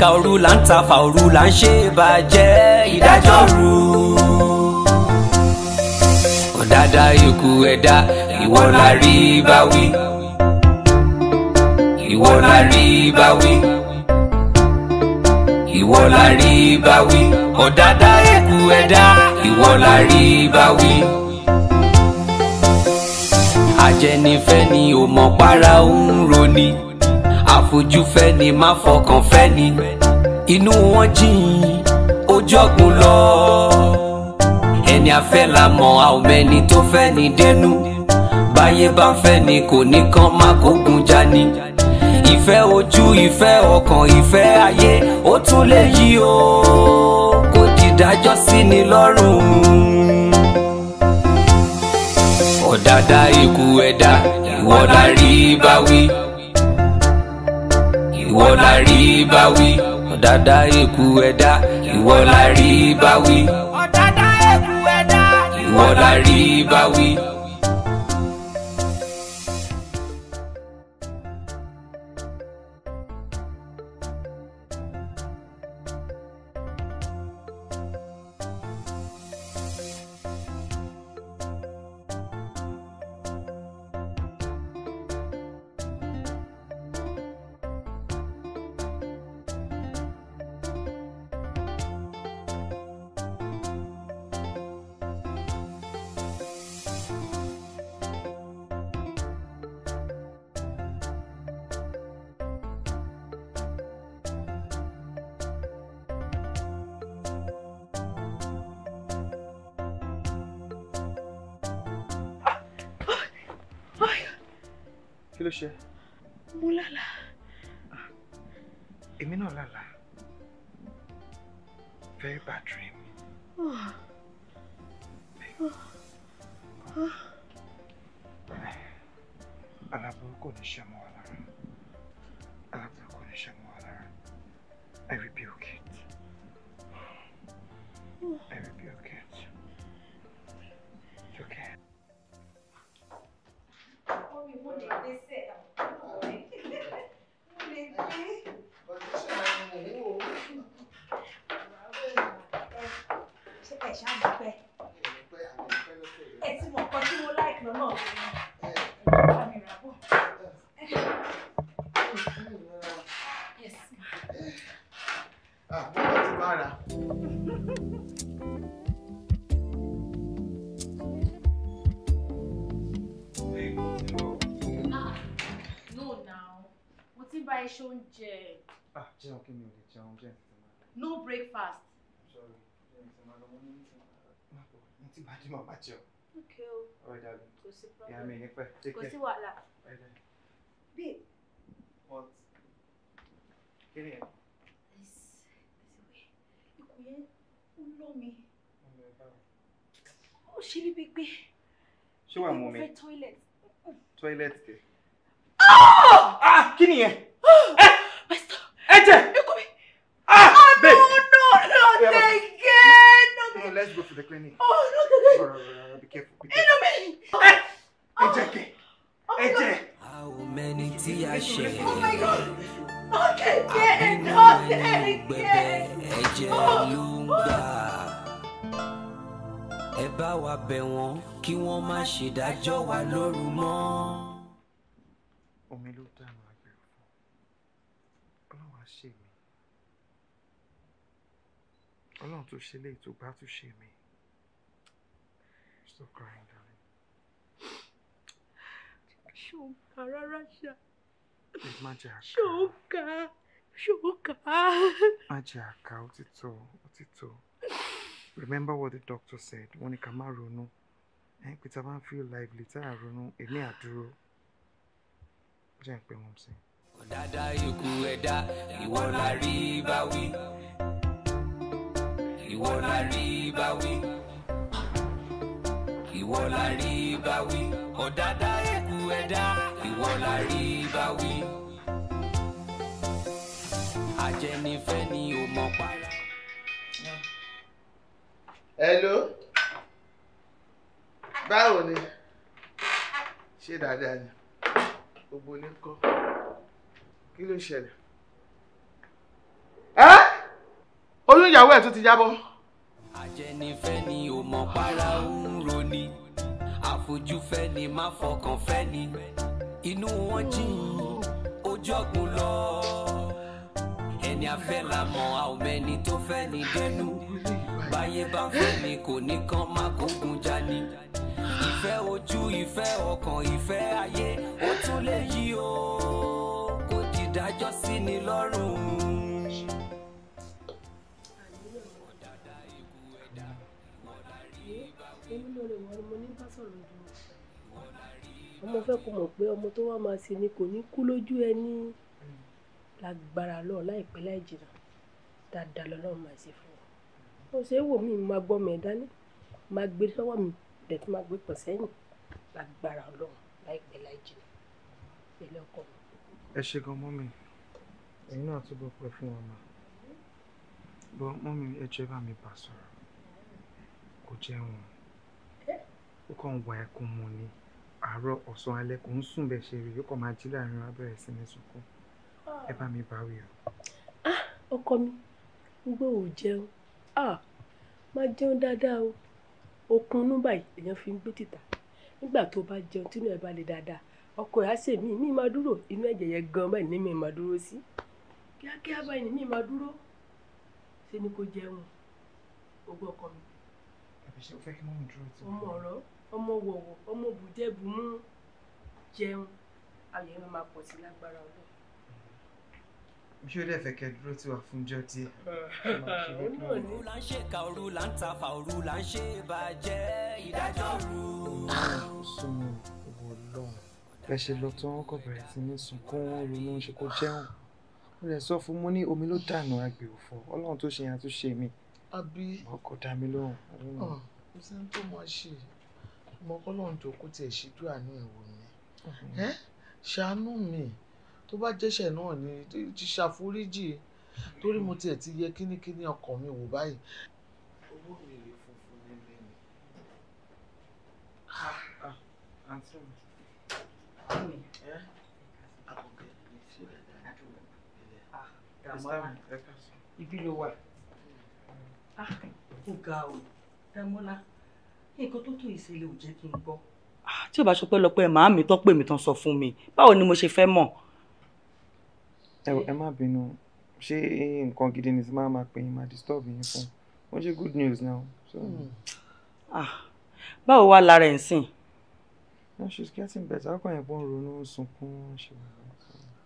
ka òru là ń tafà òru là ń ṣe bàjẹ́ ìdájọ́ òru. ọ̀dàdà yòókù ẹ̀dá ìwọ la rí bá wí. ìwọ la rí bá wí. ìwọ la rí bá wí. ọ̀dàdà yòókù ẹ̀dá ìwọ la rí bá wí ajẹnifẹ ni ò mọ̀ para òun roni fojú fẹ́ni má fọkàn fẹ́ni inú wọn jìn ojú ọ̀gbun lọ. ẹni afẹ́ la mọ̀ a ò mẹ́ni tó fẹ́ ni dénú báyé bá ń fẹ́ ni kò ní kán má kógun jani. ìfẹ́ ojú ìfẹ́ ọkàn ìfẹ́ ayé ó tún lè yí o kò dìdájọ́ sí ni lọ́rùn ọ̀dàdà ikú ẹ̀dá ìwọ́dà rí bá wí ìwọ la rí bá wí ọ̀dàdà èkú ẹ̀dá ìwọ la rí bá wí ọ̀dàdà èkú ẹ̀dá ìwọ la rí bá wí. konuşamam. kí mi ò lè jẹun jẹ́ ti máa lọ. no breakfast. sorry jẹ́ ti máa lọ mo ní ti máa lọ. má bọ̀ ní ti bá dì máa bá jẹun. ok o ọ̀rẹ́ dàbí kò sí problem ìyá mi ní pẹ́ take care kò sí wàhálà. babe. what. kí ni ẹ. this this way ikùn yẹn ń lọ mi. ó ṣe ní pípé. ṣé wàá mú mi. mo fẹ́ toilet. toilet kẹ. ah kí ni yẹn. my stomach ẹ̀jẹ̀ ikú mi. ah, ah babe no no not again. no let's go to the clinic. oh no no no be careful be careful. inú mi. ẹ̀jẹ̀ kẹ ẹ̀jẹ̀. how many tí oh my god ọ̀kẹ́ kẹ́ ẹ̀jẹ̀ ọ̀kẹ́ kẹ́. ẹ̀jẹ̀ ẹ bá wa bẹ̀ wọ́n kí wọ́n má ṣèdájọ́ wa lóru mọ́. omi ló dáná. Ọlọ́run tó ṣe léyìí tó bá tún ṣe mí. Stop crying, darling. Ṣé o kà rárá ṣá? Má jẹ́ àká. Ṣé o kà? Má jẹ́ àká, ó ti Remember what the doctor said, wọ́n ní ká má ronú. Ẹ pé tá a bá ń feel lively tá a ronú, èmi àdúró. Jẹ́ ń pé sí. Ọ̀dàdà ikú ẹ̀dá, ìwọ la rí bá wí ìwọ la rí bá wí ìwọ la rí bá wí ọ̀dàdà ẹ̀kú ẹ̀dá ìwọ la rí bá wí. àjẹnifẹ́ ni o mọ̀ para. hello báwo ni ṣé dáadáa ni gbogbo ní kọ́ kí ló ń ṣẹlẹ̀. ẹ́ oyún ìyàwó ẹ̀ tó ti jábọ́ àjẹnifẹ́ ni ò mọ̀ para ń roni àfojúfẹ́ ni má fọkàn fẹ́ ni inú wọn jìn ojú ọ̀gbun lọ ẹni afẹ́ la mọ̀ àwọn ẹni tó fẹ́ ni dẹnu báyé bá fẹ́ ni kò ní kàn má kógun jani ìfẹ́ ojú ìfẹ́ ọkàn ìfẹ́ ayé ó tún lè yí o kò dìdájọ́ sí ni lọ́rùn. mo fẹ́ kó mọ̀ pé ọmọ tó wá máa ṣe ni kò ní kú lójú ẹni lágbára lọ láìpẹ́ láì jìnnà dáadáa lọ́lọ́run máa ṣe fún ọ mo ṣe é wò mí máa gbọ́ mẹ́ dání máa gbé sọ́wọ́ mi dẹ̀ tún máa gbé pọ̀ sẹ́yìn lágbára ọlọ́run láìpẹ́ láì jìnnà pẹ̀lú ọkọ mi. ẹ ṣe gan mọ́mì ẹ̀yin náà túbọ̀ pẹ́ fún ọmọ bọ́ mọ́mì ẹ jẹ́ bá mi bà sọ̀rọ̀ kò jẹun ó kàn wá ẹkún mu ni àárọ̀ ọ̀sán alẹ́ kò ń sùn bẹ́ẹ̀ ṣe rí yóò kàn máa jí láàrin wa bẹ̀rẹ̀ sí ní sunkún ẹ bá mi bá wí o. Ah, ọkọ mi gbogbo ò jẹun ah, máa jẹun dáadáa o okun inú báyìí èèyàn fi ń gbé títà nígbà tó bá jẹun tínú ẹ bá le dáadáa ọkọ ẹ á mí mí máa dúró inú ẹ̀jẹ̀ yẹn gan báyìí ní mi máa dúró sí kíákíá báyìí ní mi máa dúró ṣe ni kò jẹun o gbọ́ ọkọ mi. àbíṣe ó fẹ́ kí mọ́mí dúró tí mo. ọmọ ọ̀rọ̀ ọmọ wọ̀wọ̀ ọmọ bùjẹ́bùmú jẹun ayọ̀ ẹ̀ máa pọ̀ sí lágbára ọlọ́ ṣé ó dẹ̀ fẹ́ kẹ́ dúró tí wà fún jọ tí. òru là ń ṣèkà òru là ń tafà òru là ń ṣe ìbàjẹ́ ìdájọ́ òru. Ah, sọmọ owó Ọlọ́run bẹ́ẹ̀ ṣe lọ tán ọkọ bẹ̀rẹ̀ sí ní sunkún wọn ronú ṣe kó jẹun ó lè sọ fún mo ní omi ló dànù agbè òfò Ọlọ́run tó ṣe yẹn àtúnṣe mi. àbí ọkọ dá mi lóhùn. Ah, kò sí ní tó máa ṣe mo kọ́lọ́n jọ kó tiẹ̀ ṣíjú àánú ìwò mi ẹ́ ṣàánú mi tó bá jẹ́ṣẹ̀ náà ni ti ṣàforíjì torí mo tiẹ̀ ti yẹ kínníkínní ọkàn mi wò báyìí. owó mi rè funfun nílé mi ah, ah, ah, ibi ló wà. Mm. ó ga o dámọ́lá nǹkan tó tó ìṣẹ̀lẹ̀ ò jẹ́ kí n gbọ́. Ah, tí ò bá ṣọpẹ́ lọ pé màá mi tán pè mí tán sọ fún mi báwo ni mo ṣe fẹ́ mọ̀. ẹ má bínú ṣé nǹkan gidi ni tí máa máa pè yín máa disturb yín fún wọn ṣe good news now. Hmm. Ah. báwo wá lára ẹ̀ ń sìn. no she's getting better ọkàn yẹn pọ́n ronú sunkún ṣe wà.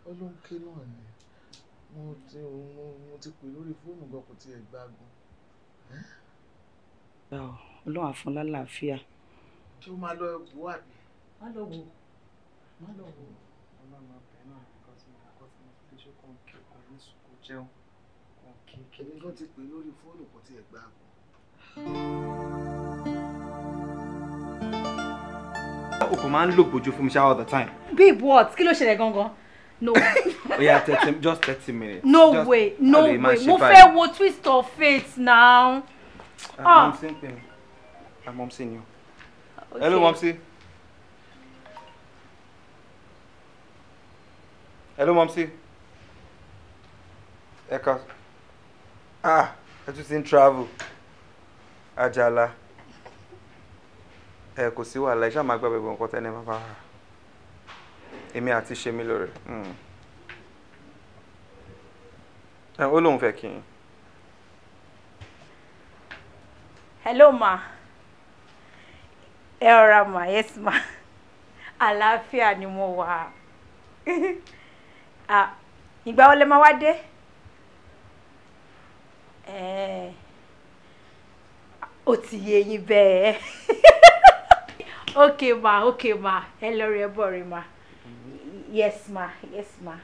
olóńké náà ni mo ti mo ti pè lórí fóònù gan kò tiẹ̀ gbágun ọlọ́run àfún lálàáfíà. ṣé máa lọ bò ó àbí. má lọ wò má lọ wò. ọlọ́run ọbẹ̀ náà nǹkan tí mo kọ́ fún mi ṣé kò ń kí kò ní sùkò jẹun kò ń ti pè lórí fóònù kò tiẹ̀ gbà àgbọ̀. o kò máa ń lò bójú fún mi ṣá all the time. babe what kí ló ṣẹlẹ̀ gangan. No. Oya, 30, just thirty minutes. No just way, no way. Mo fẹ́ wo twist of fate now. Mọ̀mísí ń pè mí. Mọ̀mísí ni o. Hello Mọ̀mísí. Hello Mọ̀mísí. Ẹ kà ah ẹ tún ti travel Ajala. ẹ kò sí wàhálà iṣẹ́ àmàgbà bẹ̀rẹ̀ nǹkan tẹ́lẹ̀ máa bá wà èmi àti ṣe mí lóore hmm. ẹ ó lóun fẹ́ kí n. hello ma ẹ ma yes ma àlàáfíà ni mo wà ah igba ole ma wade? ti yé eyi bee okay ma okay ma ma yes ma yes ma.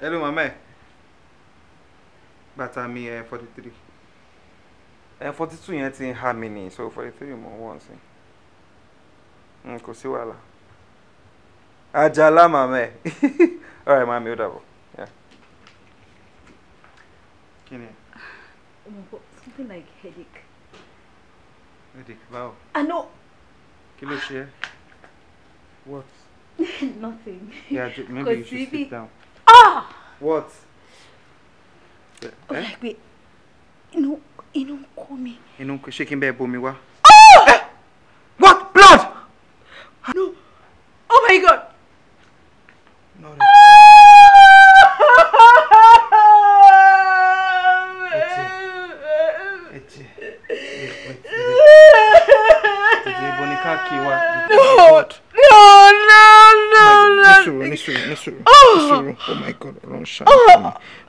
hello mama mi 43. Eh, ẹ forty two yẹn ti ń ha mi nìyí so forty three mo wọ́n sí n kò sí wàhálà ajala mamẹ alright mami ó dàbọ̀. kí ni. something like headache. headache Wow. i know. kí ló what. nothing. yeah maybe you should sit down. ah. what. okay oh, eh? wait inú ń kó mi. inú ń kó ṣé kí n bẹ́ẹ̀ bomi wá. what blood. no oh my god. No, no. God. No, no, no, no. Nisuru, Nisuru, Oh my God,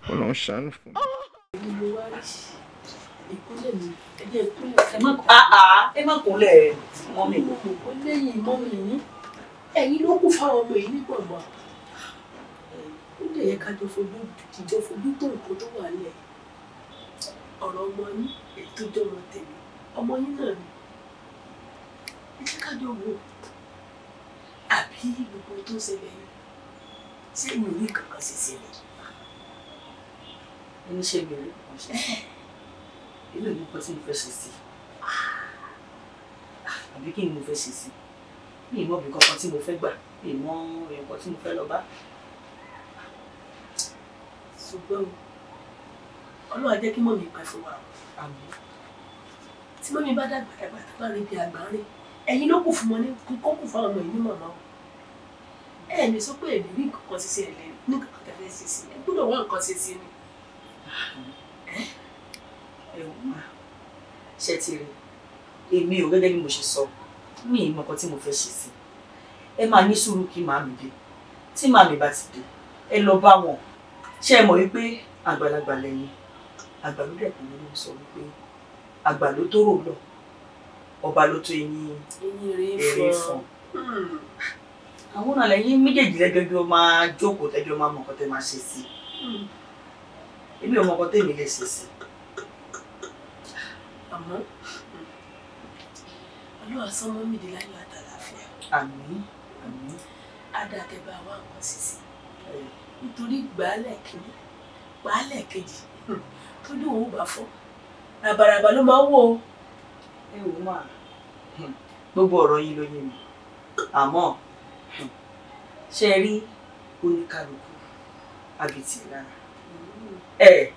Ọlọ́run ṣàánú fún mi ẹ má kúnlẹ̀ mọ́mì. ó léyìn mọ́mì yín ẹ̀yin ló kù fáwọn ọmọ yìí ní gbọ̀ngàn ó lè yẹ ká jọ ṣé mi ò ní kankan ṣe ṣẹlẹ̀. oníṣègùn ló kàn ṣe ilé ìlú kan tí mo fẹ́ ṣe sí ah, àbí kí ni mo fẹ́ ṣe sí mi ì mọ ibì kankan tí mo fẹ́ gbà mi ì mọ èèyàn kan tí mo fẹ́ lọ bá ṣùgbọ́n ọlọ́run á jẹ́ kí mọ̀ mi pẹ́ fún wa àmì tí mọ̀ mi bá dàgbà dàgbà tó bá rí bí àgbà rí ẹ̀yin ló kù fún mọ ní kó kù fún ọmọ yìí màmá o ẹ̀ mi sọ pé èmi rí nǹkan kan ṣe sí ẹ̀ lẹ́nu ní nǹkan kan tẹ̀lé ṣe sí ẹ gbọ́dọ̀ wá nǹkan ṣe sí ni ẹ̀wọ̀n mà ṣe ti rí èmi ò gẹ́gẹ́ bí mo ṣe sọ ní ìmọ̀ kan tí mo fẹ́ ṣe sí ẹ máa ní sùúrù kí màá mi dé tí màá mi bá ti dé ẹ lọ bá wọn ṣe mọ̀ wípé àgbàlagbà lẹ́yìn àgbà ló dẹ̀kun ló ń sọ wípé àgbà ló tó rò lọ ọba ló tó eyín eré fún àwọn ọ̀nà lẹ́yìn méjèèjì lẹ́jọ́jọ́ máa jókòó tẹ́jọ́ máa mọ̀ nǹkan máa ṣe sí hmm. èmi ò mọ̀ nǹkan tẹ́mi lè ṣe sí àmọ́ ọlọ́wà sọmọ mi di láyọ̀ àtàlàfíà. àmín àmín. adàkẹ́bà wa nǹkan sísè nítorí gbàálẹ̀ kìíní gbàálẹ̀ kejì tó ní òun bá fọ́ ràbàràbà ló máa ń wò ó. ẹ wò ó máa gbogbo ọ̀rọ̀ yín ló yé mi àmọ́ ṣe rí oníkálukú àbìtì lára ẹ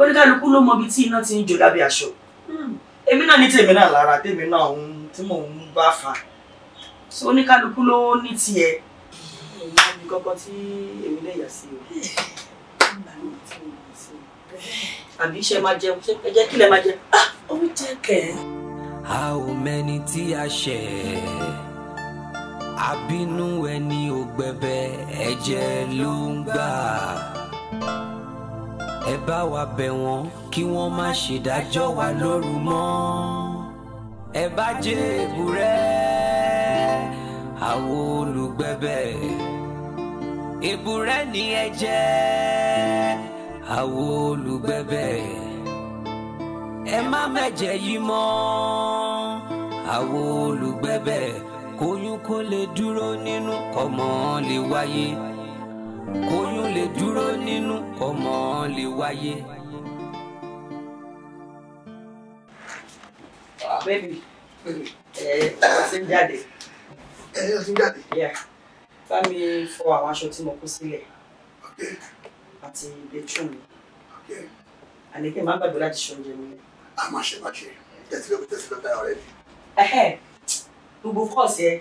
oníkálukú ló mọ ibi tí iná ti ń jó lábẹ́ aṣọ èmi náà ní tèmi náà lára tèmi náà òun tí mò ń bá fa so oníkálukú ló ní tiẹ̀ èmi náà ní kọ́kọ́ tí èmi lè yà sí o àbí iṣẹ́ máa jẹun ṣe ẹ jẹ́ máa jẹ ah oúnjẹ kẹ̀. a ò mẹ́ni tí a ṣẹ̀ àbínú ẹni ò gbẹ̀bẹ̀ ẹ̀jẹ̀ ló ń gbà ẹ bá wa bẹ̀ wọ́n kí wọ́n má ṣe dájọ́ wa lóru mọ́ ẹ bá jẹ́ èbúrẹ́ àwọn olùgbẹ̀bẹ̀ èbúrẹ́ ni ẹ jẹ́ àwọn olùgbẹ̀bẹ̀ ẹ má mẹ̀jẹ̀ yìí mọ́ àwọn olùgbẹ̀bẹ̀ kóyún kó lè dúró nínú kọ́mọ lè wáyé kóyún lè dúró nínú ọmọ lè wáyé. bẹ́ẹ̀ni ẹ ọ ti ń jáde. ẹ ọ ti ń jáde. bá mi fọ àwọn aṣọ tí mo kó sílẹ̀ àti bẹ́tùn mi àníkè má gbàgbé láti ṣe oúnjẹ mi. a máa ṣe máa ṣe tẹsílẹ̀ tẹsílẹ̀ tẹsílẹ̀ ọ̀rẹ́ mi. gbogbo kọ́ọ̀sì ẹ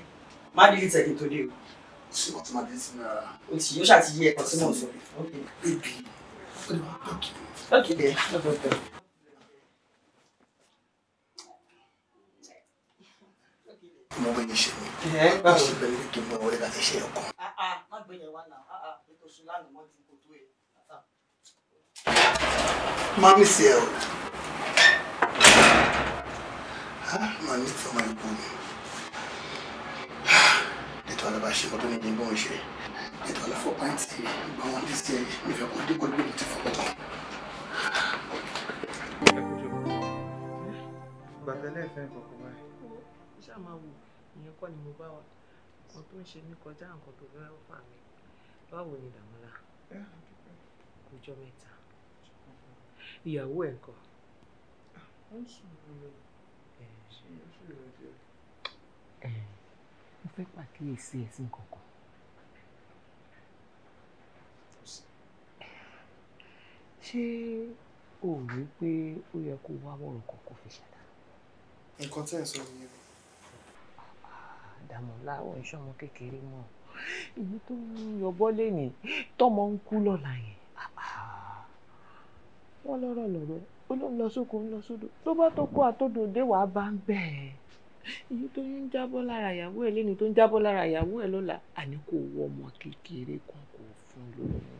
má dìlítẹ̀ kí tó dé o sí ọtí máa dé sí mi rárá. o ti yóò ṣáà ti yí ẹ̀kọ́ tí mò ń sọ. bébì ó lè máa tọ́kì. tọ́kì dẹ̀ lọ́gbọ̀dọ̀. mo bẹ yín ṣe mi mo ṣe bẹ̀rẹ̀ kí n mọ wọlé láti ṣe ọkàn. má gbé yẹn wá náà ètò oṣù lánàá wọn ti kò tó ẹ. má mi sí ẹ o má mi sí ọmọ ìkú mi ètò àlọ́bà ṣe ọdún ní ìbọn ìṣe ètò àlọ́fọ̀ pàǹtì ìgbà wọn ní sí ẹ̀yìn nífẹ̀ẹ́ kó dínkù níbi tí fọwọ́ tán. gbàtẹ́lẹ̀ ìfẹ́ ìkọ̀kọ̀ báyìí. ó ṣáà máa wò ìyẹn kọ́ ni mo bá wa nǹkan tó ń ṣe mí kọjá nǹkan tó fẹ́ fà mí báwo ni dàmọ́lá kò jọ mẹ́ta ìyàwó ẹ̀ kọ́. ó ń sùn lọ. ẹ ẹ mo fẹ́ pàkíyèsí ẹ̀sìn kankan. ṣé o rí i pé ó yẹ kó wá wọ̀rọ̀ kan kó fi ṣàdá. nǹkan tẹ́ ẹ̀ sọ nìyẹn. Dàmọ́lá ò ń ṣọmọ kékeré mọ́ èyí tó ń yọbọ́ lẹ́nì tọ́mọ ń kú lọ́la yẹn wọ́n lọ́rọ̀ lọ́rọ̀ ó ló ń lọ sóko ń lọ sódò tó bá tó kó àtòdòdé wàá bá ń bẹ̀ ẹ́ èyí tó ń jábọ́ lára ìyàwó ẹ̀ lẹ́nu tó ń jábọ́ lára ìyàwó ẹ̀ lọ́la àní kò wọ ọmọ kékeré kan kò fún lóyún.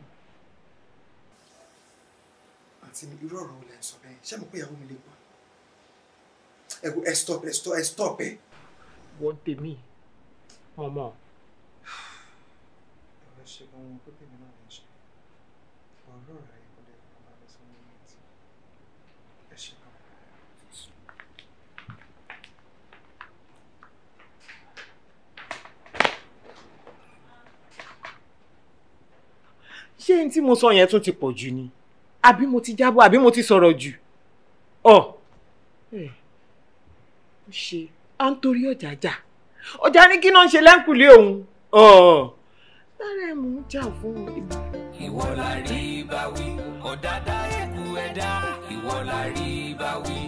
àǹtí mi irú ọ̀rọ̀ olè ń sọ bẹ́ẹ̀ ṣé mo pé ìyàwó mi lè gbọ́ ẹ kò ẹ stop ẹ stop ẹ stop ẹ. wọ́n tèmi ọmọ. ọ̀rẹ́ ṣe gan-an pé náà lè ṣe ọ̀rọ̀ rẹ̀. ṣé n tí mo sọ yẹn tún ti pọ̀ jù ni àbí mo ti jábọ̀ àbí mo ti sọ̀rọ̀ jù ọ ẹ ṣe à ń torí ọjà jà ọjà ní kí náà ń ṣe lẹ́ǹkùlé òun ọ lára ẹ̀ mò ń jà fún un. ìwọ la rí bá wí ọ̀dàdà ẹ̀kú ẹ̀dá ìwọ la rí bá wí.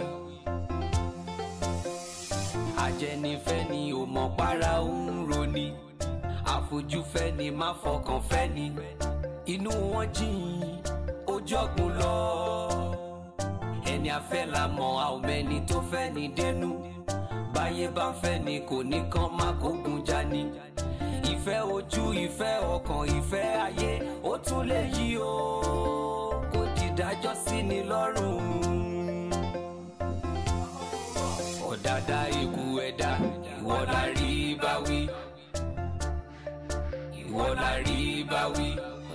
àjẹnifẹ́ ni ò mọ̀ para òun roni àfojúfẹ́ ni má fọkàn fẹ́ ni. Fẹ́ ni inú wọn jìn ojú ọ̀gbun lọ. ẹni afẹ́ la mọ̀ a ò mẹ́ni tó fẹ́ ni dénú báyé bá ń fẹ́ ni kò ní kán má kógun jani. ìfẹ́ ojú ìfẹ́ ọkàn ìfẹ́ ayé ó tún lè yí o kò dìdájọ́ sí ni lọ́rùn. ọ̀dàdà ikú ẹ̀dá ìwọ la rí bá wí ìwọ la rí bá wí.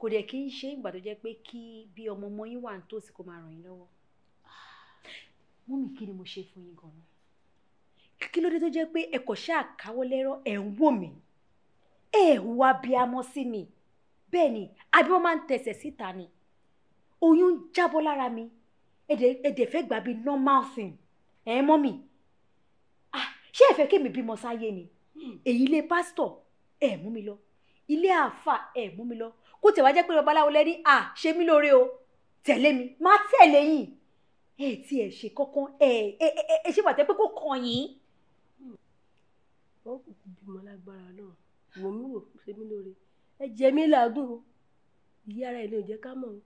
kò dẹ̀ kí n ṣe ìgbà tó jẹ́ pé kí bí ọmọ ọmọ yín wà ní tòsí kó máa ràn yín lọ́wọ́ mọ́mì kí ni mo ṣe fún yín gan-an kí ló dé tó jẹ́ pé ẹ kò ṣáà káwọ́ lẹ́rọ̀ ẹ̀ ń wò mí ẹ̀ wá bí amọ́ sí mi bẹ́ẹ̀ ni àbí wọ́n máa ń tẹ̀sẹ̀ síta ni oyún jábọ́ lára mi ẹ̀dẹ̀ fẹ́ gbà bí normal thing ẹ̀ mọ́mì ah, ṣé ẹ fẹ́ kémi bímọ sáyé ni hmm. èyí ilé pásítọ̀ ẹ̀ mú mi lọ ilé àáfà ẹ̀ mú mi lọ kó tẹ̀ wá jẹ́ pé babaláwo lẹ́ni à ṣe mí lóore o tẹ̀lé mi má tẹ̀lé yìí ẹ ti ẹ̀ ṣe kankan ẹ ẹ ẹ ṣe pàtẹ́ pé kò kàn yín. wọn kò kú bímọ lágbára náà wò mí wò ṣe mí lóore ẹ jẹ mí làágùn o ìyá ara ẹ ní ò jẹ́ ká mọ̀ o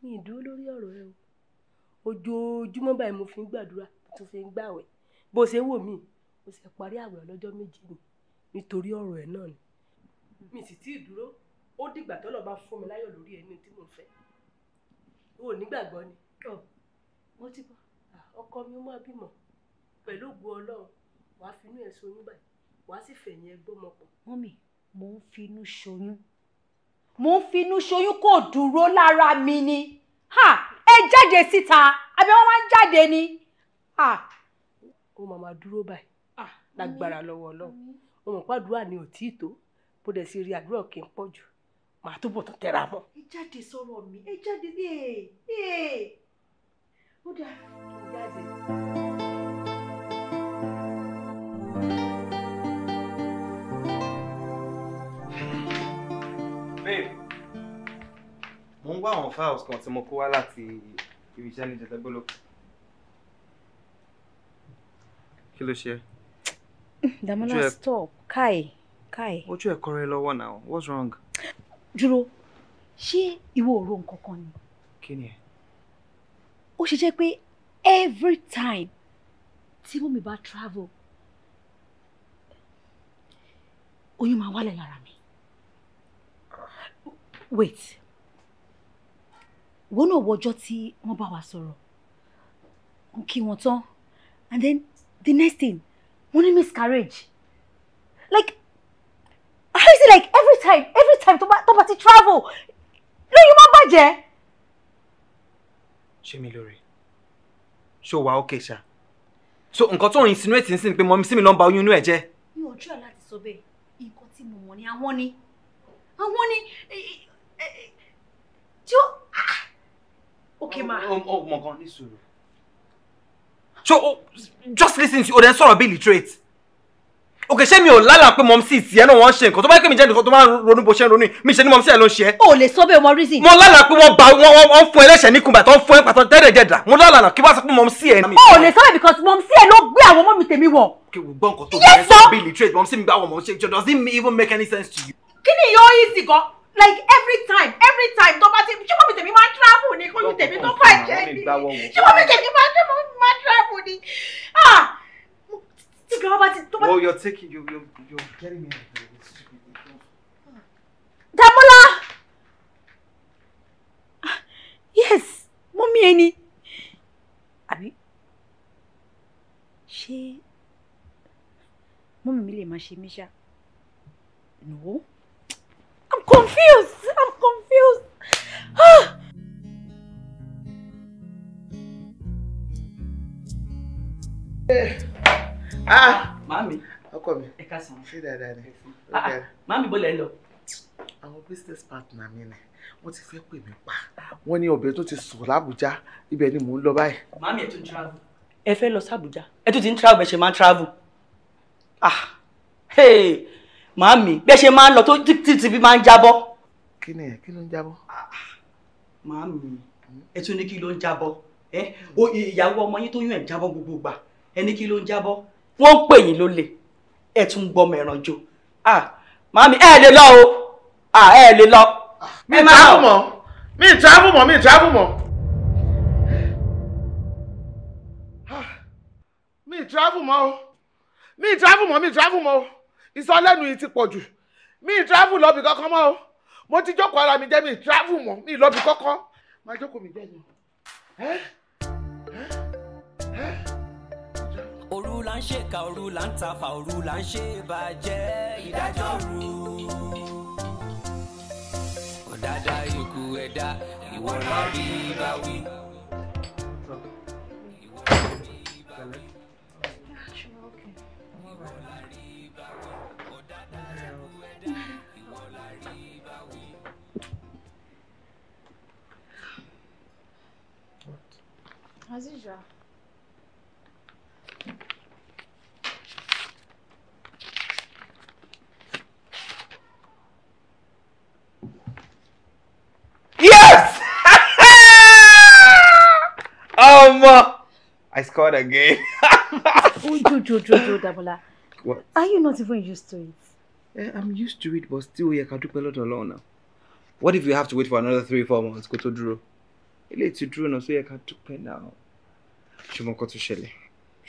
mi ì dúró lórí ọ̀rọ̀ ẹ o ojoojúmọ́ báyìí mo fi ń gbàdúrà mo tún fi ń gbàwẹ̀ bó ṣe wò mí mo sì parí àwẹ̀ ọlọ́jọ́ méjì mi nítorí ọ̀rọ̀ ẹ náà ni mi sì tí ì dúró ó dìgbà tó lọ bá fún mi láyọ̀ lórí ẹni tí mo fẹ́ o nígbàgbọ́ ni. mo ti bọ́. ọkọ mi ó máa bímọ pẹ̀lú ògùn ọlọ́run wàá finú ẹ̀ soyún báyìí wàá sì fẹ̀yìn ẹ gbọ́mọ pọ̀. mọ́mì mò ń finú ṣoyún mò ń finú ṣoyún kò dúró lára mi ni ẹ jáde síta àbí wọ́n máa ń jáde ni. ó máa máa dúró báyìí lágbára lọ́wọ́ ọlọ́run mo mọ̀ pàdúrà ni ò tí ì tó bó dẹ̀ sì rí àdúrà kí n pọ̀ jù màá túbọ̀ tún tẹra mọ́. ẹ jáde sọ̀rọ̀ mi ẹ jáde ó dáa ó jáde. babe mo ń wá àwọn files kan tí mo kó wá láti ibi iṣẹ́ ní jẹ́tẹ́gbọ́lọ́. kí ló ṣe Damola stop kai kai. ojú ẹ̀ kọ́rẹ́ lọ́wọ́ náà what's wrong dúró ṣé ìwọ ò ro nǹkan kan ni. kí ni ẹ. ó ṣe jẹ́ pé every time tí mọ́mi bá travel oyún máa wálẹ̀ lára mi. wait wọn náà wọjọ́ tí wọ́n bá wa sọ̀rọ̀ n kí wọn tán and then the next thing wọ́n ní miscarriage like crazy like every time every time to to tó bá ti travel lóyún má bàjẹ́. ṣé mi lóore ṣó wa ókè ṣá so nǹkan tó ń insinuate ń sìn pé mọ́mí sí mi ló ń ba oyún inú ẹ̀ jẹ́. mi ò jọ́ láti sọ bẹ́ẹ̀ nǹkan tí mo mọ̀ ni àwọn ni àwọn ni tí ó ah, okay ma. ọmọ kan ní sùúrù so just listen to then sọ̀rọ̀ bí literate òkè ṣé mi ò lálàá pé mọ̀mísì tiẹ̀ náà wọ́n ń ṣe nǹkan tó bá kí mi jẹ́ nǹkan tó máa ń ronú bó ṣe ń ronú mi ṣe ni mọ̀mísì ẹ̀ ló ń ṣe ẹ́. o lè sọ bẹ́ẹ̀ mọ reason. mo lálàá pé wọ́n ba wọ́n wọ́n fún ẹlẹ́ṣẹ̀ ní kùnbà tó ń fún ẹ pàtó dẹ́rẹ̀ dẹ́dà mo lálàá náà kí wọ́n sọ pé mọ̀mísì ẹ̀. o lè sọ bẹ́ẹ̀ because mọ̀mísì ẹ̀ ló gbé àwọn ọmọ mi tèmi wọ̀. kí wọ́n gbọ́ nǹkan tó bá ẹ sọ bí literate mọ̀mísì mi gbà wọ̀ mọ̀mísì jọ does it even make any sense to you. kí ni yóò yí sí gan like every time every time tó bá ti ṣé mọ̀mí tèmi máa ń travel ni kó mi tèmi tó bàjẹ́ ni ṣé mọ̀mí tèmi máa ń travel ni ah! tí girama bá ti oh you're taking you you you getting me into this. Damola yes mommy any. àbí ṣé mọ́mí mi lè máa ṣe no I'm confused I'm confused. Ah! Yeah. Ah, mami ọkọ mi ẹ ká sàn ṣé dáadáa ni ah, ah, mami bọ́lẹ̀ ń lọ. àwọn business partner mi ni wọ́n ti fẹ́ pè mí pa wọ́n ní ọbẹ̀ tó ti sùn lábújá ibẹ̀ ni mò ń lọ báyìí. mami ẹ tún travel. ẹ fẹ́ lọ sábújá ẹ tún ti ń travel bẹ́ẹ̀ ṣe máa ń travel. ah hey mami bẹ́ẹ̀ ṣe máa ń lọ tó títí bí máa ń jábọ́. kí ni ẹ kí ló ń jábọ́. Ah, mami ẹ tún ní kí ló ń jábọ́ ẹ ìyàwó ọmọ yín tó yún ẹ̀ jábọ́ gbogbo gbà ẹ ní kí ló ń jábọ́ wọ́n pè yín lólè ẹ tún gbọ́ mẹ́ràn jò ah màámi ẹ lè lọ o ah ẹ lè lọ. mi travel mọ́ mi travel mọ́ mi travel mọ́ mi travel mọ́ o mi travel mọ́ mi travel mọ́ o ìsọlẹ́nu yìí ti pọ̀ jù mi travel lọ́bì kankan mọ́ o mo ti jókòó ara mi jẹ́ mi travel mọ́ mi lọ́bì kankan máa jókòó mi jẹ́ mi. là ń ṣèkà òru là ń tafà òru là ń ṣe bàjẹ́ ìdájọ́ òru. ọ̀dàdà ikú ẹ̀dá ìwọ náà rí bá wí. As usual. Yes! um, uh, I scored again. oh, Joe, Joe, Joe, Joe, Dabola. What? Are you not even used to it? Eh, I'm used to it, but still, I can do a lot alone now. What if you have to wait for another three, four months? Go to dúró. Ilé ti dúró náà, so yeah, can do pay now. Ṣùgbọ́n kó tó ṣẹlẹ̀.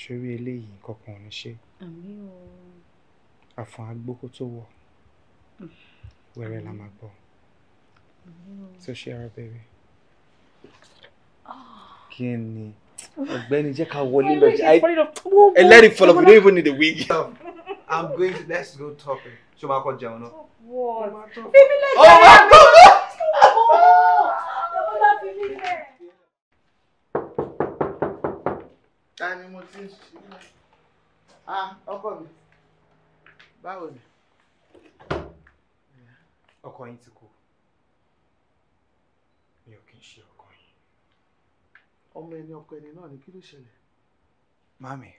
Ṣé rí eléyìí nǹkan kan ò ní ṣe? Àmì o. Àfọ̀n agbó kó tó wọ̀. Mm. Wẹ́rẹ́ la máa gbọ́ so ṣe ara bẹ̀rẹ̀ kí ni ọ̀gbẹ́ni jẹ́ ká wọlé lọ jẹ́ ẹlẹ́rìí follow. we don't even need a wig. I'm going to let's go talk. it ṣé o máa kọ jẹun náà. bíbí lè oh jẹ́ ọmọ àgbọ̀ngàn. ọmọ bíbí ta ni mo ti ń ṣe ah ọkọ mi báwo ni. ọkọ yín ti kú ń ṣe ọkọ yìí. ọmọ ẹni ọkọ ẹni náà ni kí ló ṣẹlẹ̀. mami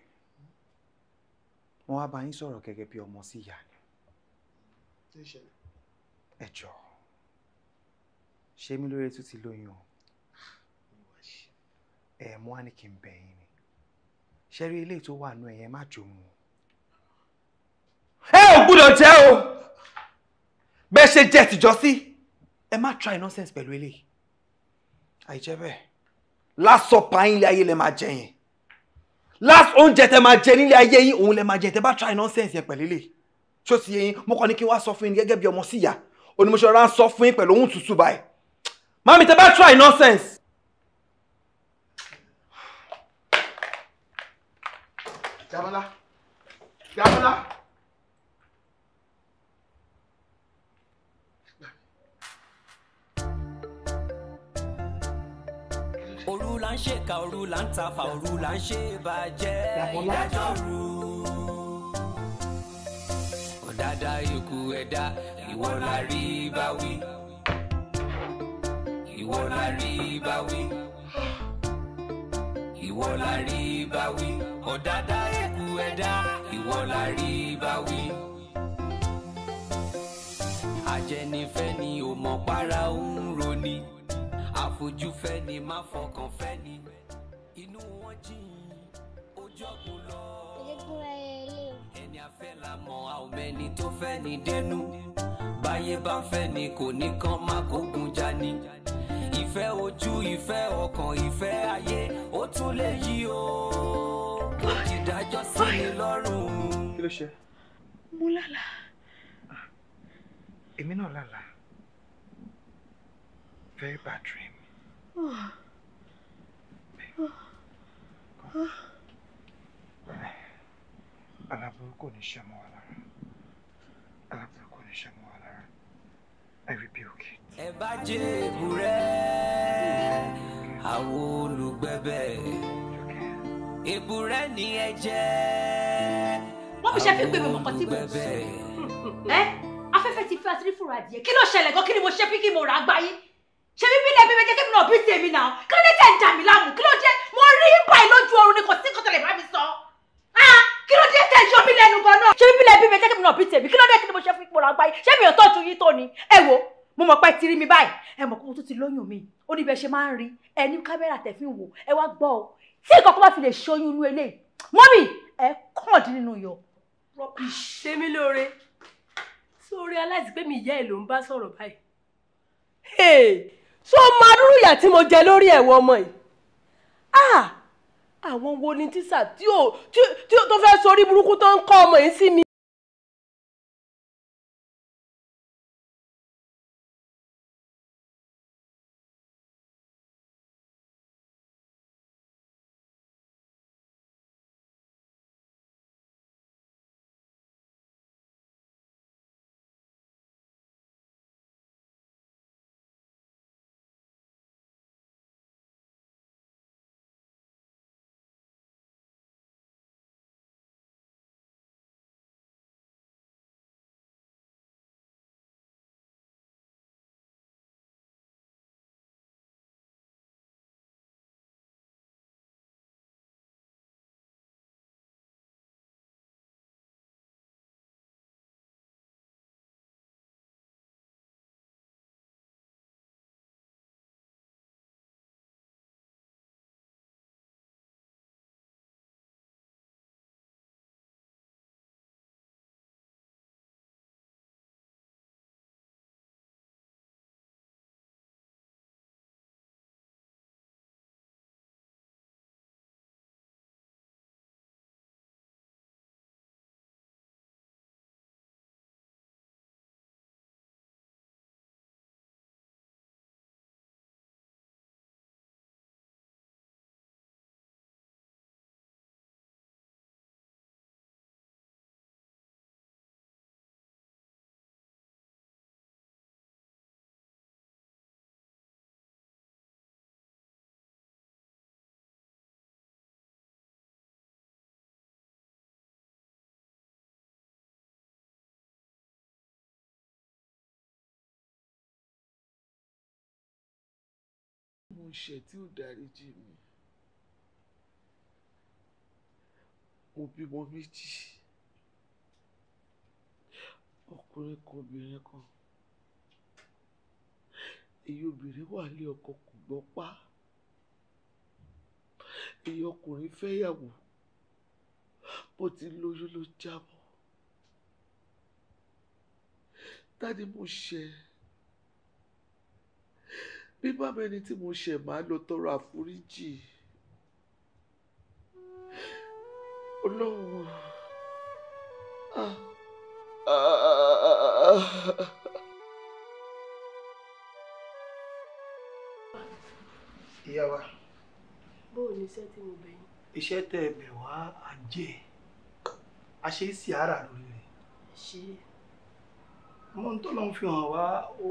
wọn wá bá yín sọ̀rọ̀ gẹ́gẹ́ bí ọmọ sí ìyá ni. ṣé ìṣẹ̀lẹ̀. ẹ jọ ṣé mi lóore tún ti lóyún o. ẹ mú wá ní kí n bẹ̀ yín ni ṣe rí eléyìí tó wà nù ẹ̀yẹ má jòun o. ẹ ò gbúdọ̀ jẹ́ o bẹ́ẹ̀ ṣe jẹ́ tìjọ́ sí ẹ má try nonsense pẹ̀lú eléyìí àìjẹ́ ah, bẹ́ẹ̀. lásọ pààyàn ilé ayé lẹ máa jẹ yẹn last oúnjẹ tẹ máa jẹ nílé ayé yín òun lẹ máa jẹ tẹ bá try nonsense yẹn pẹ̀lẹ́lẹ̀ ṣó ti yẹ yín mo kàn ní kí wọ́n á sọ fún yín gẹ́gẹ́ bí ọmọ síyà onímọ̀ṣọ́ ra ń sọ fún yín pẹ̀lú ohun tútù báyìí mami tẹ bá try nonsense. Jamala Jamala. òru là ń ṣèkà òru là ń tafà òru là ń ṣe bàjẹ́ ìdájọ́ òru. ọ̀dàdà ikú ẹ̀dá ìwọ la rí bá wí. ìwọ la rí bá wí. ìwọ la rí bá wí. ọ̀dàdà ikú ẹ̀dá ìwọ la rí bá wí ajẹnifẹ ni ò mọ̀ para òun roni àfojúfẹ́ ni má fọkàn fẹ́ ni inú wọn jìn ojú ọ̀gbun lọ. ẹni afẹ́ la mọ àwọn ẹni tó fẹ́ ni dẹnu báyé bá fẹ́ ni kò ní kán má kógun jani ìfẹ́ ojú ìfẹ́ ọkàn ìfẹ́ ayé ó tún lè yí o kò ti dájọ́ sí ni lọ́rùn. kí ló ṣe. mo lálà. Ah, èmi náà lálà very bad dream. Oh. Oh. Oh. Aláburúkú ní ṣọmọ wa lára. I rebuke it. Ẹ bá jẹ́ èbúrẹ́, àwọn olùgbẹ̀bẹ̀. Èbúrẹ́ ni ẹ Wọ́n fi ṣe fi pé mi mọ̀kàn tí mo Ẹ afẹ́fẹ́ ti fẹ́ àtìrí fúnra díẹ̀. Kí ló ṣẹlẹ̀ gan-an kí ni mo ṣe fi kí mo rà gbáyé? ṣe bíbí lẹ́bí mi jẹ́kẹ́ mi náà bí tèmi náà kí ló dé tẹ̀ ń dà mí láàmú kí ló jẹ́ mo rí báyìí lójú oorun ni kò sí kọ́tọ̀ lè bá mi sọ ah, kí ló dé tẹ̀ ń yọ mí lẹ́nu gan náà ṣe bíbí lẹ́bí mi jẹ́kẹ́ mi náà bí tèmi kí ló dé kí ni mo ṣe fún ipò làgbáyé ṣé mi ò tọ́jú yín tó ni ẹ wo mo mọ̀ pé tiri mi báyìí ẹ mọ̀ kó tó ti lóyún mi ó ní bẹ́ẹ̀ ṣe máa ń rí ẹ ní kámẹ́rà tẹ̀ fi ń wò ẹ wá gbọ́ ọ tí nǹkan kan bá fi lè ṣoyún inú eléyìí mọ́mì ẹ kàn dín nínú yọ. ṣé lóore sórí aláìsí pé mi ìyá ẹ ló ń bá sọ̀rọ̀ báyìí so máa dúró ìyà tí mo jẹ lórí ẹ̀wọ̀ ọmọ yìí ah! àwọn wo ni tíṣà tí ò tó fẹ́ sọ orí burúkú tó ń kọ́ ọmọ yìí sí mi. ṣẹ̀ tí ò dáríjì mi mo bímọ méjì ọkùnrin kan obìnrin kan èyí obìnrin wà lé ọkọ kò gbọ́ pa èyí ọkùnrin fẹ́yàwó bó ti lóyún ló jábọ́ ta ni mo ṣẹ̀ ẹ́ bí bàbá ẹni tí mo ṣẹ̀ máa lọ tọrọ àforíjì ọlọ́run ah ah ah ah. ìyá wa. bóò ni iṣẹ́ tí mo bẹ̀ yín. iṣẹ́ tẹ́ ẹ bẹ̀ wá àjẹ́ a ṣe é sí ara lórí rẹ̀. ṣe. mo ń fi hàn wá ó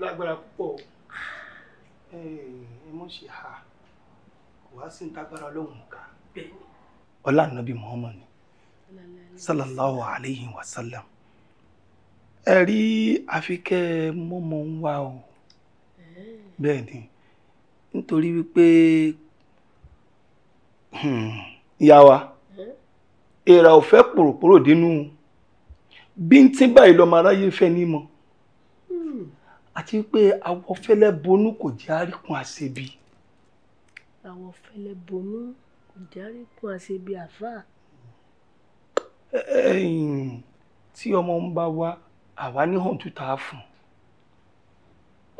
lágbára púpọ̀. Eh, ẹ mọ̀ ṣe ha kò wá sí ìtagbára ka ọlá nàbí muhammad sallallahu alayhi wa sallam ẹ rí àfikẹ́ mọ́mọ́ ń wá o eh. bẹ́ẹ̀ ni nítorí wípé hmm, ìyá wa eh? èèrà ò fẹ́ pòròpòrò dínú bíntín báyìí lọ́mọ aráyé fẹ́ ní mọ́. àti pé àwọ̀ fẹ́lẹ́ bonú kò jẹ́ àríkún àṣebi. àwọ̀ fẹ́lẹ́ bonú kò jẹ́ àríkún àṣebi àfáà. tí ọmọ ń bá wá àwa ní hàn túta fún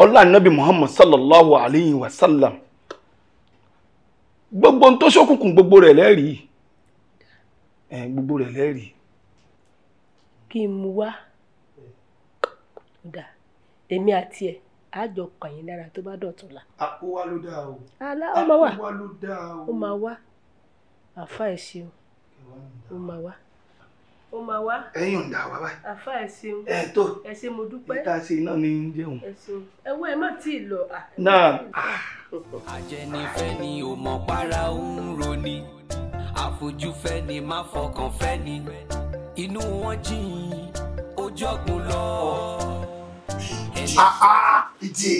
ọlá nabi muhammad sallallahu alayhi wa sallam gbogbo tó ṣókùnkùn gbogbo rẹ̀ lẹ́rìí gbogbo rẹ̀ lẹ́rìí. kí n mú wá èmi àti ẹ̀ á jọ kàn yín lára tó bá dọ̀tún la. àpò wa ló dáa o. àlá ó máa wà àpò wa ló dáa o. ó máa wá àfa ẹ̀ ṣeun ó máa wá ó máa wá. ẹ̀yin ò ń dà wá báyìí. àfa ẹ ṣeun. ẹ tó ẹ ṣe mo dúpẹ́. ìta ṣe iná ni ń jẹun. ẹ ṣeun ẹwọ ẹ má tí ì lọ. náà. àjẹnifẹ́ ni ò mọ̀ para ń roni àfojúfẹ́ ni má fọkàn fẹ́ ni inú wọn jìn ojú ọ̀gbun lọ ìdí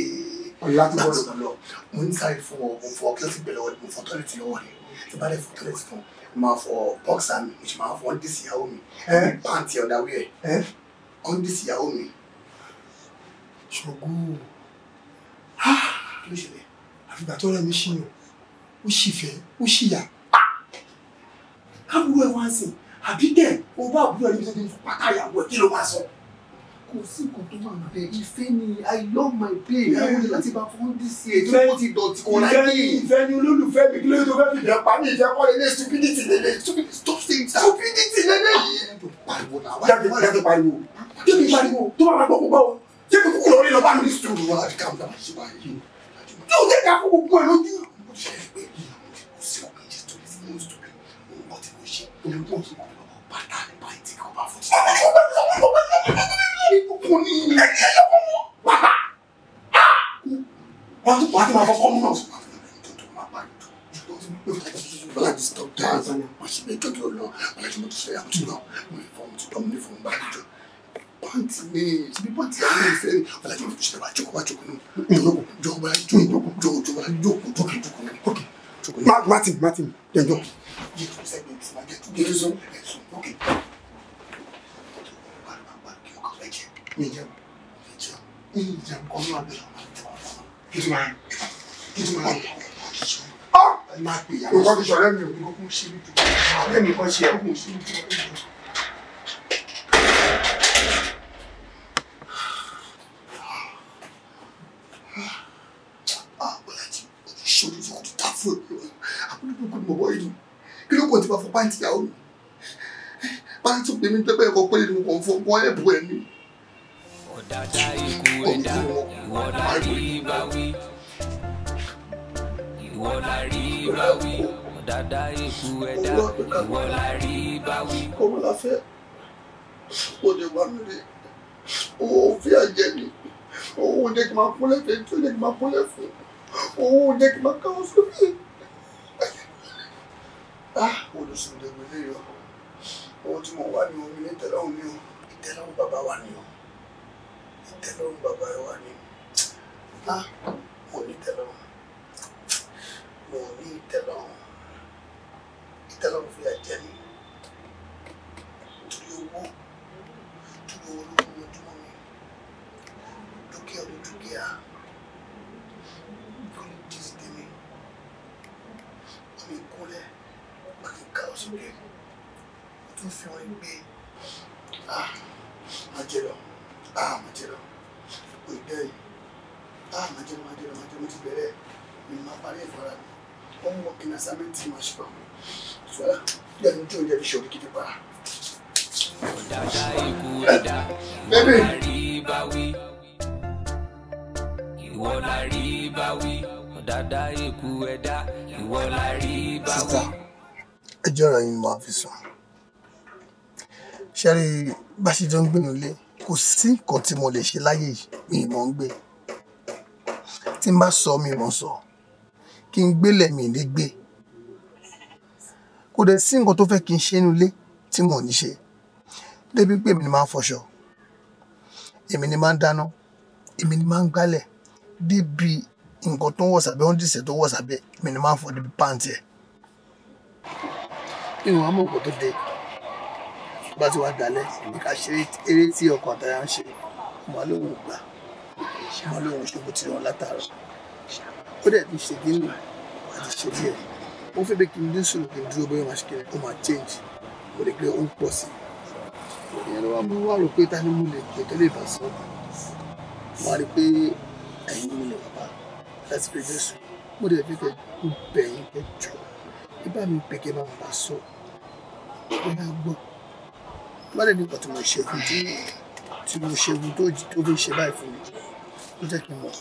ọ̀la tí wọ́n lọ mo ní sáré fún ọ mo fọ kílọ̀tì bẹ̀rẹ̀ ọ̀dẹ̀ mo fọ tọ́lẹ̀tì lọ́wọ́ rẹ̀ tí bá dẹ̀ fọ tọ́lẹ̀tì fún máa fọ bọ́ksà mi mo sì máa fọ ọ́ndísì ìyàwó mi pàǹtì ọ̀dàwíẹ̀ ọ́ndísì ìyàwó mi ṣògùn ah! kí ló ṣẹlẹ̀ àfìgbà tó rẹ̀ mi ṣìyàn ó sì fẹ́ ó sì yà ah! káàbùrú ẹ̀ wá sí àbí bẹ́ẹ̀ o bá àbúrò ẹ̀ níbi tó ti ń fọ pátá ìyàwó ẹ̀ kí ló máa sọ kò sí nǹkan tó wà níbẹ̀ ìfẹ́ ni i love my babe àwọn èèyàn láti bá fún dis year tí wọ́n ti dọ̀tí kò láyé. ìfẹ́ ni olólùfẹ́ mi kílódé tó fẹ́ fi jẹ́ pa mí ìfẹ́ kọ́ lélẹ̀ stupidity lélẹ̀ stop saying that stupidity lélẹ̀ yìí. pariwo náà wáyé wáyé wáyé tó pariwo tó fi pariwo tó bá wà gbọ́ gbọ́ o ṣé kí kúkú lọ́ọ́ lọ́ọ́ bá mi sùúrù wọn àti káàmù dábàá ṣe báyìí. yóò jẹ́ ká fún gbogbo ẹ̀ lójú. Bàtà ni báyìí tí kò bá fún ti kò ní ẹ̀jẹ̀ lọ́wọ́ wọn bàbá wọ́n ti wọ́n máa fọ́fọ́ mú náà bala ti stop dance wọ́n ṣe bẹ́ẹ̀ jọjọ lọ wọ́n ṣe mọ́tò ṣe àtúntò lọ wọ́n ní fọ́ọ̀mù tó tọ́mù ní fọ́ọ̀mù bá jọ pọ́ǹtì ní ṣe bí pọ́ǹtì àwọn ìfẹ́ rẹ̀ wọ́n láti mọ́tò ṣe wá jókòó wá jókòó nù ìyókù jọba jó ìyókù jọ jọba jókòó jókòó jókòó jókòó jókòó. martin martin jẹjọ. jẹjọ sẹgbẹ mi jẹun mi jẹun kọ́ ní ọ̀dọ̀ kí tí máa kí tí máa ọ̀ máa pè yà lọ́kọ́ ti sọ̀rọ̀ mi ò ní kókó ṣe nítorí ọ̀rẹ́ mi kan ṣe ẹ̀kún ṣe nítorí fún ìlú àpolúkúkú ni mo bọ́ ìlú kí ló kọ́ ti máa fọ pàǹtí ìyàwó mi pàǹtí òpin mi pẹ́pẹ́ ẹ̀kọ́ pẹ́lẹ́ ni mo kàn fọ́ wọ́n ẹ̀bù ẹ̀ mi dàda ikú ẹ̀dá ìwọ la rí bá wí ìwọ la rí bá wí dàda ikú ẹ̀dá ìwọ la rí bá wí. òun la fẹ́ o lè wá lórí owó òfin àjẹ ni owó jẹ́ kí n máa kúnlẹ̀ fún ètò jẹ́ kí n máa kúnlẹ̀ fún owó jẹ́ kí n máa káwọ́ sókè. ah olùsùn lè wọlé yọ ohun tí mo wá ní omi ní ìtẹ́lọ́rùn ni o ìtẹ́lọ́rùn bàbá wa ni o ìtẹ́lọ́rùn bàbá ẹ wà ní á mo ní ìtẹ́lọ́rùn mo ní ìtẹ́lọ́rùn ìtẹ́lọ́rùn fìyà jẹ mí torí owó torí owó ló mú ojúmọ́ mi dúkìá ló dúkìá kò lè jí sí tèmi omi ìkúnlẹ̀ pàkí ká ọ sókè mo tún fi wọn gbé ah má jẹ lọ ah, ah mo ti rà ó ah mo ti rà mo ti rà mo ti rà mo ti bẹ̀rẹ̀ mi máa parí ìfara mi wọ́n mú ọkìn asámẹ́ǹtì máa ṣe pàmò ṣùgbọ́n yẹn ní tí ò yẹ fi ṣòrí kò sí nǹkan tí mo lè ṣe láyé yìí mi ìmọ̀ ń gbé tí n bá sọ mi ìmọ̀ sọ kí n gbélẹ̀ mi ní gbé kò dẹ̀ sí nǹkan tó fẹ́ kí n ṣe nínú tí mò ní ṣe débi pé èmi ni máa ń fọṣọ èmi ni máa ń dáná èmi ni máa ń gbálẹ̀ débi nǹkan tó ń wọ̀ sábẹ́ ọ́ndìsẹ̀ tó wọ̀ sábẹ́ èmi ni máa ń fọ débi pàǹtì ẹ̀. ìwọ̀n amọ̀kò tó dé bá ti wá dalẹ̀ ká ṣe eré tí ọkọ àtàyà ń ṣe ọmọ lóhùn gbà ọmọ lóhùn ṣe bó ti rán látàrọ ó dẹ̀ ti ṣe dín nù àti ṣe díẹ̀ ó fẹ́ bẹ́ kí n dín sùn kí n dúró bóyá máa ṣe kí ó máa change ó lè gbé ó ń pọ̀ sí i ìyẹn ló wá mú wá rò pé ta ni mo lè gbé tó lè bá sọ wọn rí pé ẹ̀yin mi lè bàbá láti fi Jésù mo dẹ̀ fi kẹ́ bẹ̀yìn kẹ́ jù ẹ mi pè kí n máa bá sọ ó yà gbọ́ má lè ní nǹkan tí mo ṣe fún tí mo ṣe fún tó fi ṣe báyìí fún mi ló jẹ́ kí n mọ̀.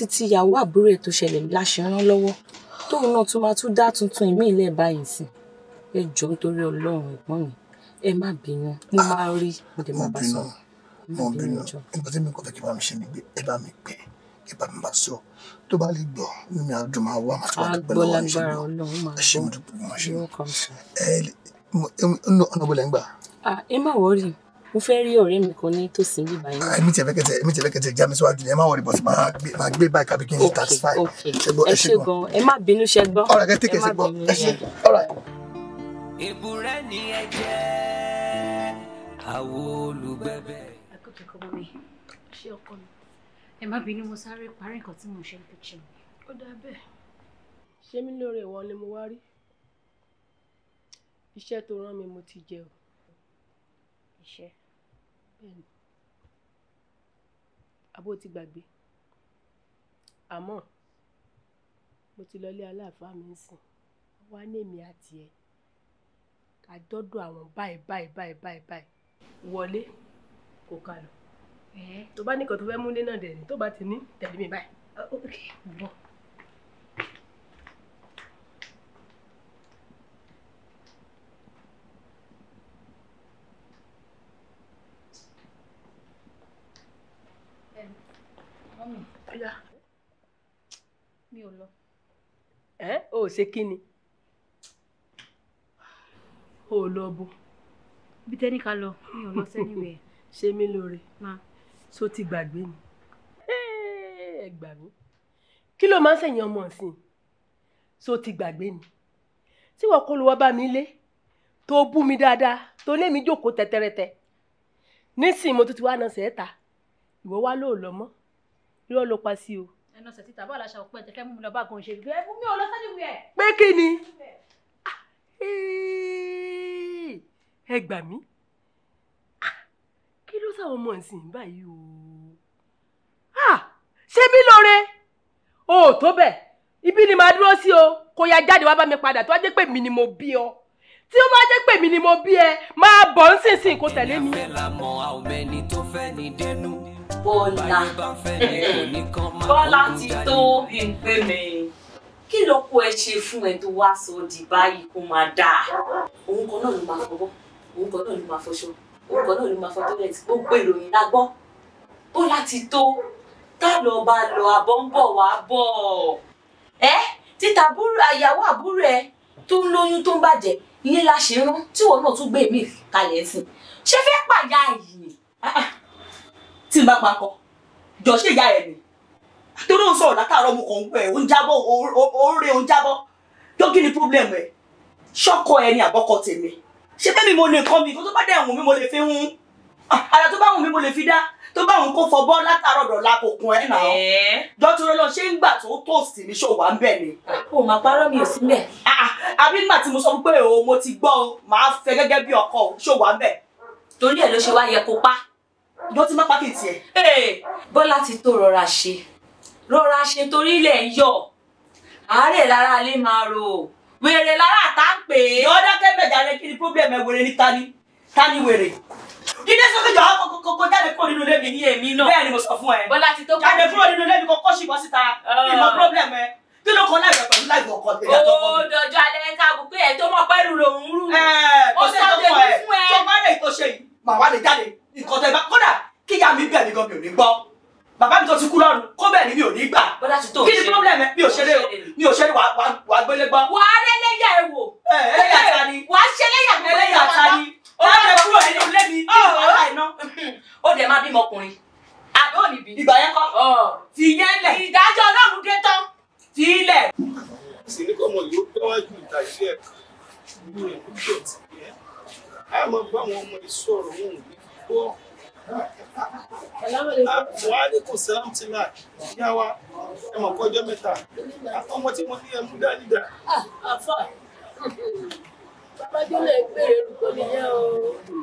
títí ìyàwó àbúrò ẹ̀ tó ṣẹlẹ̀ la ṣe rán lọ́wọ́ tóun náà tún máa tún dá tuntun ìmí ilẹ̀ báyìí sí ẹ jọ nítorí ọlọ́run ẹ̀gbọ́n mi ẹ má bínú mo ah, máa rí mo dé má bá sọ mo bínú nígbà tí mi kò fẹ́ kí bá mi ṣe mi gbé ẹ bá mi pè ẹ bá mi bá sọ tó bá lè gbọ́ inú mi àdùn máa wá màtí wàá dúpẹ́ lọ́wọ́ ẹṣẹ mi ẹṣẹ mi dúpẹ́ mọ ṣe ẹ ọ̀nà bọ̀lẹ̀ ń gbà. Ah, ẹ má wọrí mo fẹ́ rí ọ̀rẹ́ mi kan ní tòsí ní ìbáyé. èmi tiẹ̀ fẹ́kẹ̀tẹ̀ èmi tiẹ̀ fẹ́kẹ̀tẹ̀ já síwájú ni ẹ má wọlé bọ́sì máa gbé báyìí kàbí kí n ṣe tax five. ẹ ṣe gan ẹ má bínú ṣe gbọ́ ọ̀rọ̀ kẹ́ tíkẹ̀ ṣe gbọ́ ẹ ṣe ọ̀rọ̀. èbúrẹ́ ni ẹ jẹ́ àwo olùgbẹ́bẹ́. ṣé mi lóore ìwọ ni mo wá rí iṣẹ́ tó rán mi mo ti jẹ o. iṣẹ́ Bẹ́ẹ̀ni. Àbó ti gbàgbé. Àmọ́ mo ti lọ ilé aláàfáà mi ńsìn. Ó wá ní èmi àti ẹ̀. Ka dọ́dọ̀ àwọn báì báì báì báì báì. Wọlé kò ka lọ. Tó bá ní nǹkan tó fẹ́ mú náà dẹ̀ ní, tó bá ti ní tẹ̀lé mi báyìí. ẹ ò ṣe kí ni ò lọ bó. bí tẹ́ni ká lọ mi ò lọ sẹ́ni wẹ̀. ṣé mi lóore so ti gbàgbé ni ẹ gbà mí kí ló máa ń sẹ̀yìn ọmọ ọ̀sìn so ti gbàgbé ni tí wọ́n kó lọ wá bá mi lé tó bú mi dáadáa tó lé mi jókòó tẹ́tẹ́rẹ́tẹ́ nísìnyí mo tún ti wá náà sẹ́ẹ̀ta ìwọ wá lóò lọ mọ́ irọ́ ló pa sí o ẹnu ọ̀sẹ̀ títa báwo láṣà òpin ẹ̀tẹ̀ fẹ́ mú mi lọ bá gan ṣe gbé fún mi ò lọ sẹ́ni wí ẹ̀. pé kí ni ẹ ah, gbà mí ah, kí ló sáwọn ọmọ ìsìn báyìí o ah, ṣé mi lóore o ò tó bẹ́ẹ̀ ibi ni màá dúró sí o kó ya jáde wá bá mi padà tó wá jẹ́ pé mi ni mo bí ọ tí ó bá jẹ́ pé mi ni mo bí ẹ máa bọ̀ ń sìnsìn kó tẹ̀lé mi. ẹ̀yà fẹ́ la mọ àwọn ẹni tó fẹ́ ní dénú Bọ́lá Bọ́lá ti tó ìpè mi kí ló kó ẹ ṣe fún ẹ tó wá sọ di báyìí kó máa dáa òun kan náà ló máa fọwọ́ òun kan náà ló máa fọṣọ òun kan náà ló máa fọ tọ́lẹ̀tì gbogbo ìròyìn la gbọ́ Bọ́lá ti tó tá lọ bá lọ abọ́ ń bọ̀ wá bọ̀ ẹ́ títa àyàwó àbúrò ẹ tó ń lóyún tó ń bàjẹ́ ilé la ṣe rán tí wọn náà tún gbé mi kalẹ̀ sí ṣé fẹ́ pàjá yìí tí n bá pa kọ jọ ṣe ìyá ẹ ni torí òun sọ̀rọ̀ látàárọ̀ mo kàn ń pẹ̀ òun jábọ̀ òun rè òun jábọ̀ tó kí ni problem ẹ̀ ṣọ́kọ ẹ ni àbọ́kọ tèmi ṣé bẹ́ẹ̀ mi mo lè kọ́ mi kó tó bá dẹ̀ wù mí mo lè fi hun ara ah, tó bá wù mí mo lè fi dá tó bá òun kó fọbọ́ látàárọ̀ dọ̀la kò kun ẹ̀ náà dọ́túró lọ ṣé ń gbà tó tòsí mi ṣòwò à ń bẹ̀ ni. o mà parọ́ mi ò sílẹ̀. Ah, àbí nígbà tí mo sọ pé o mo ti gbọ́ o màá fẹ́ gẹ́gẹ́ bí ọkọ ṣòwò à ń bẹ̀. torí ẹ̀ ló ṣe wá yẹ kó pa yóò ti má pákìtì ẹ̀. bọ́lá ti tó rọra ṣe rọra ṣe torí ilẹ̀ ń yọ̀ àárẹ̀ lára ilé máa ro wèrè lára àtà ń pè é. yọ̀ọ́ dákẹ́ bẹ̀jà rẹ kí ni pọ́blẹ́mù ẹ̀ wèrè ní tani tani wèrè kí ní sọ́kè jọ kókó jáde kúrò nínú ilé mi ní èmi náà bẹ́ẹ̀ ni mo sọ fún ẹ bọ́lá ti tó kọ́ jáde kúrò nínú ilé mi kọ́kọ́ ṣìbọn síta ìmọ̀ oh. pọ́blẹ́mù ẹ kí ló kọ láìpẹ́ pẹ̀lú láìpẹ́ ọkọ tẹ̀lé ọkọ mi. ó dọjọ́ alẹ́ ká bù pé ẹ̀ tó mọ̀ pẹ́rù lòún rù. ó sọ pé fún ẹ. tó bá lè tó ṣe yìí màá wá lè jáde nǹkan tẹ bá kódà kí ìyá mi bẹ̀ mí gan mi ò ní gbọ́ bàbá mi tó ti kú lọ́rùn kó bẹ̀ ni mi ò ní gbà kí ni problem mi ò ṣeré o mi ò ṣeré wà á gbélé gbọ́. wà á rẹ́lẹ́yà ẹ wò ẹlẹ́yà ta ni wà á ṣẹlẹ́yà gbogbo ẹlẹ́yà ta ni ó bẹ kúrò nínú ilé mi ọ̀rọ̀ iná. ó dẹ̀ máa bímọ ọkùnrin àbí ò ní bí. ìgbà yẹn kọ́ ti yẹn lẹ̀. ìdájọ́ ọlọ́run dé tán. ti ilẹ̀. sì ní kọ́mọ yóò gbẹ́wájú ìta ilé ẹ̀kọ́ ìlú ẹ̀kọ́ tó ti yẹ. a máa bá àwọn ọmọ ìṣòro wọn ò ní gbọ́. Wàhálì kò sẹ́lám ti náà yá wa ẹ̀mọ̀ kọjọ́ mẹ́ta. Ọmọ tí mo ní ẹmu dání dà. Ah, àfà bàbá Jọ́lá ẹ̀ pé èrò tó nìyẹn o.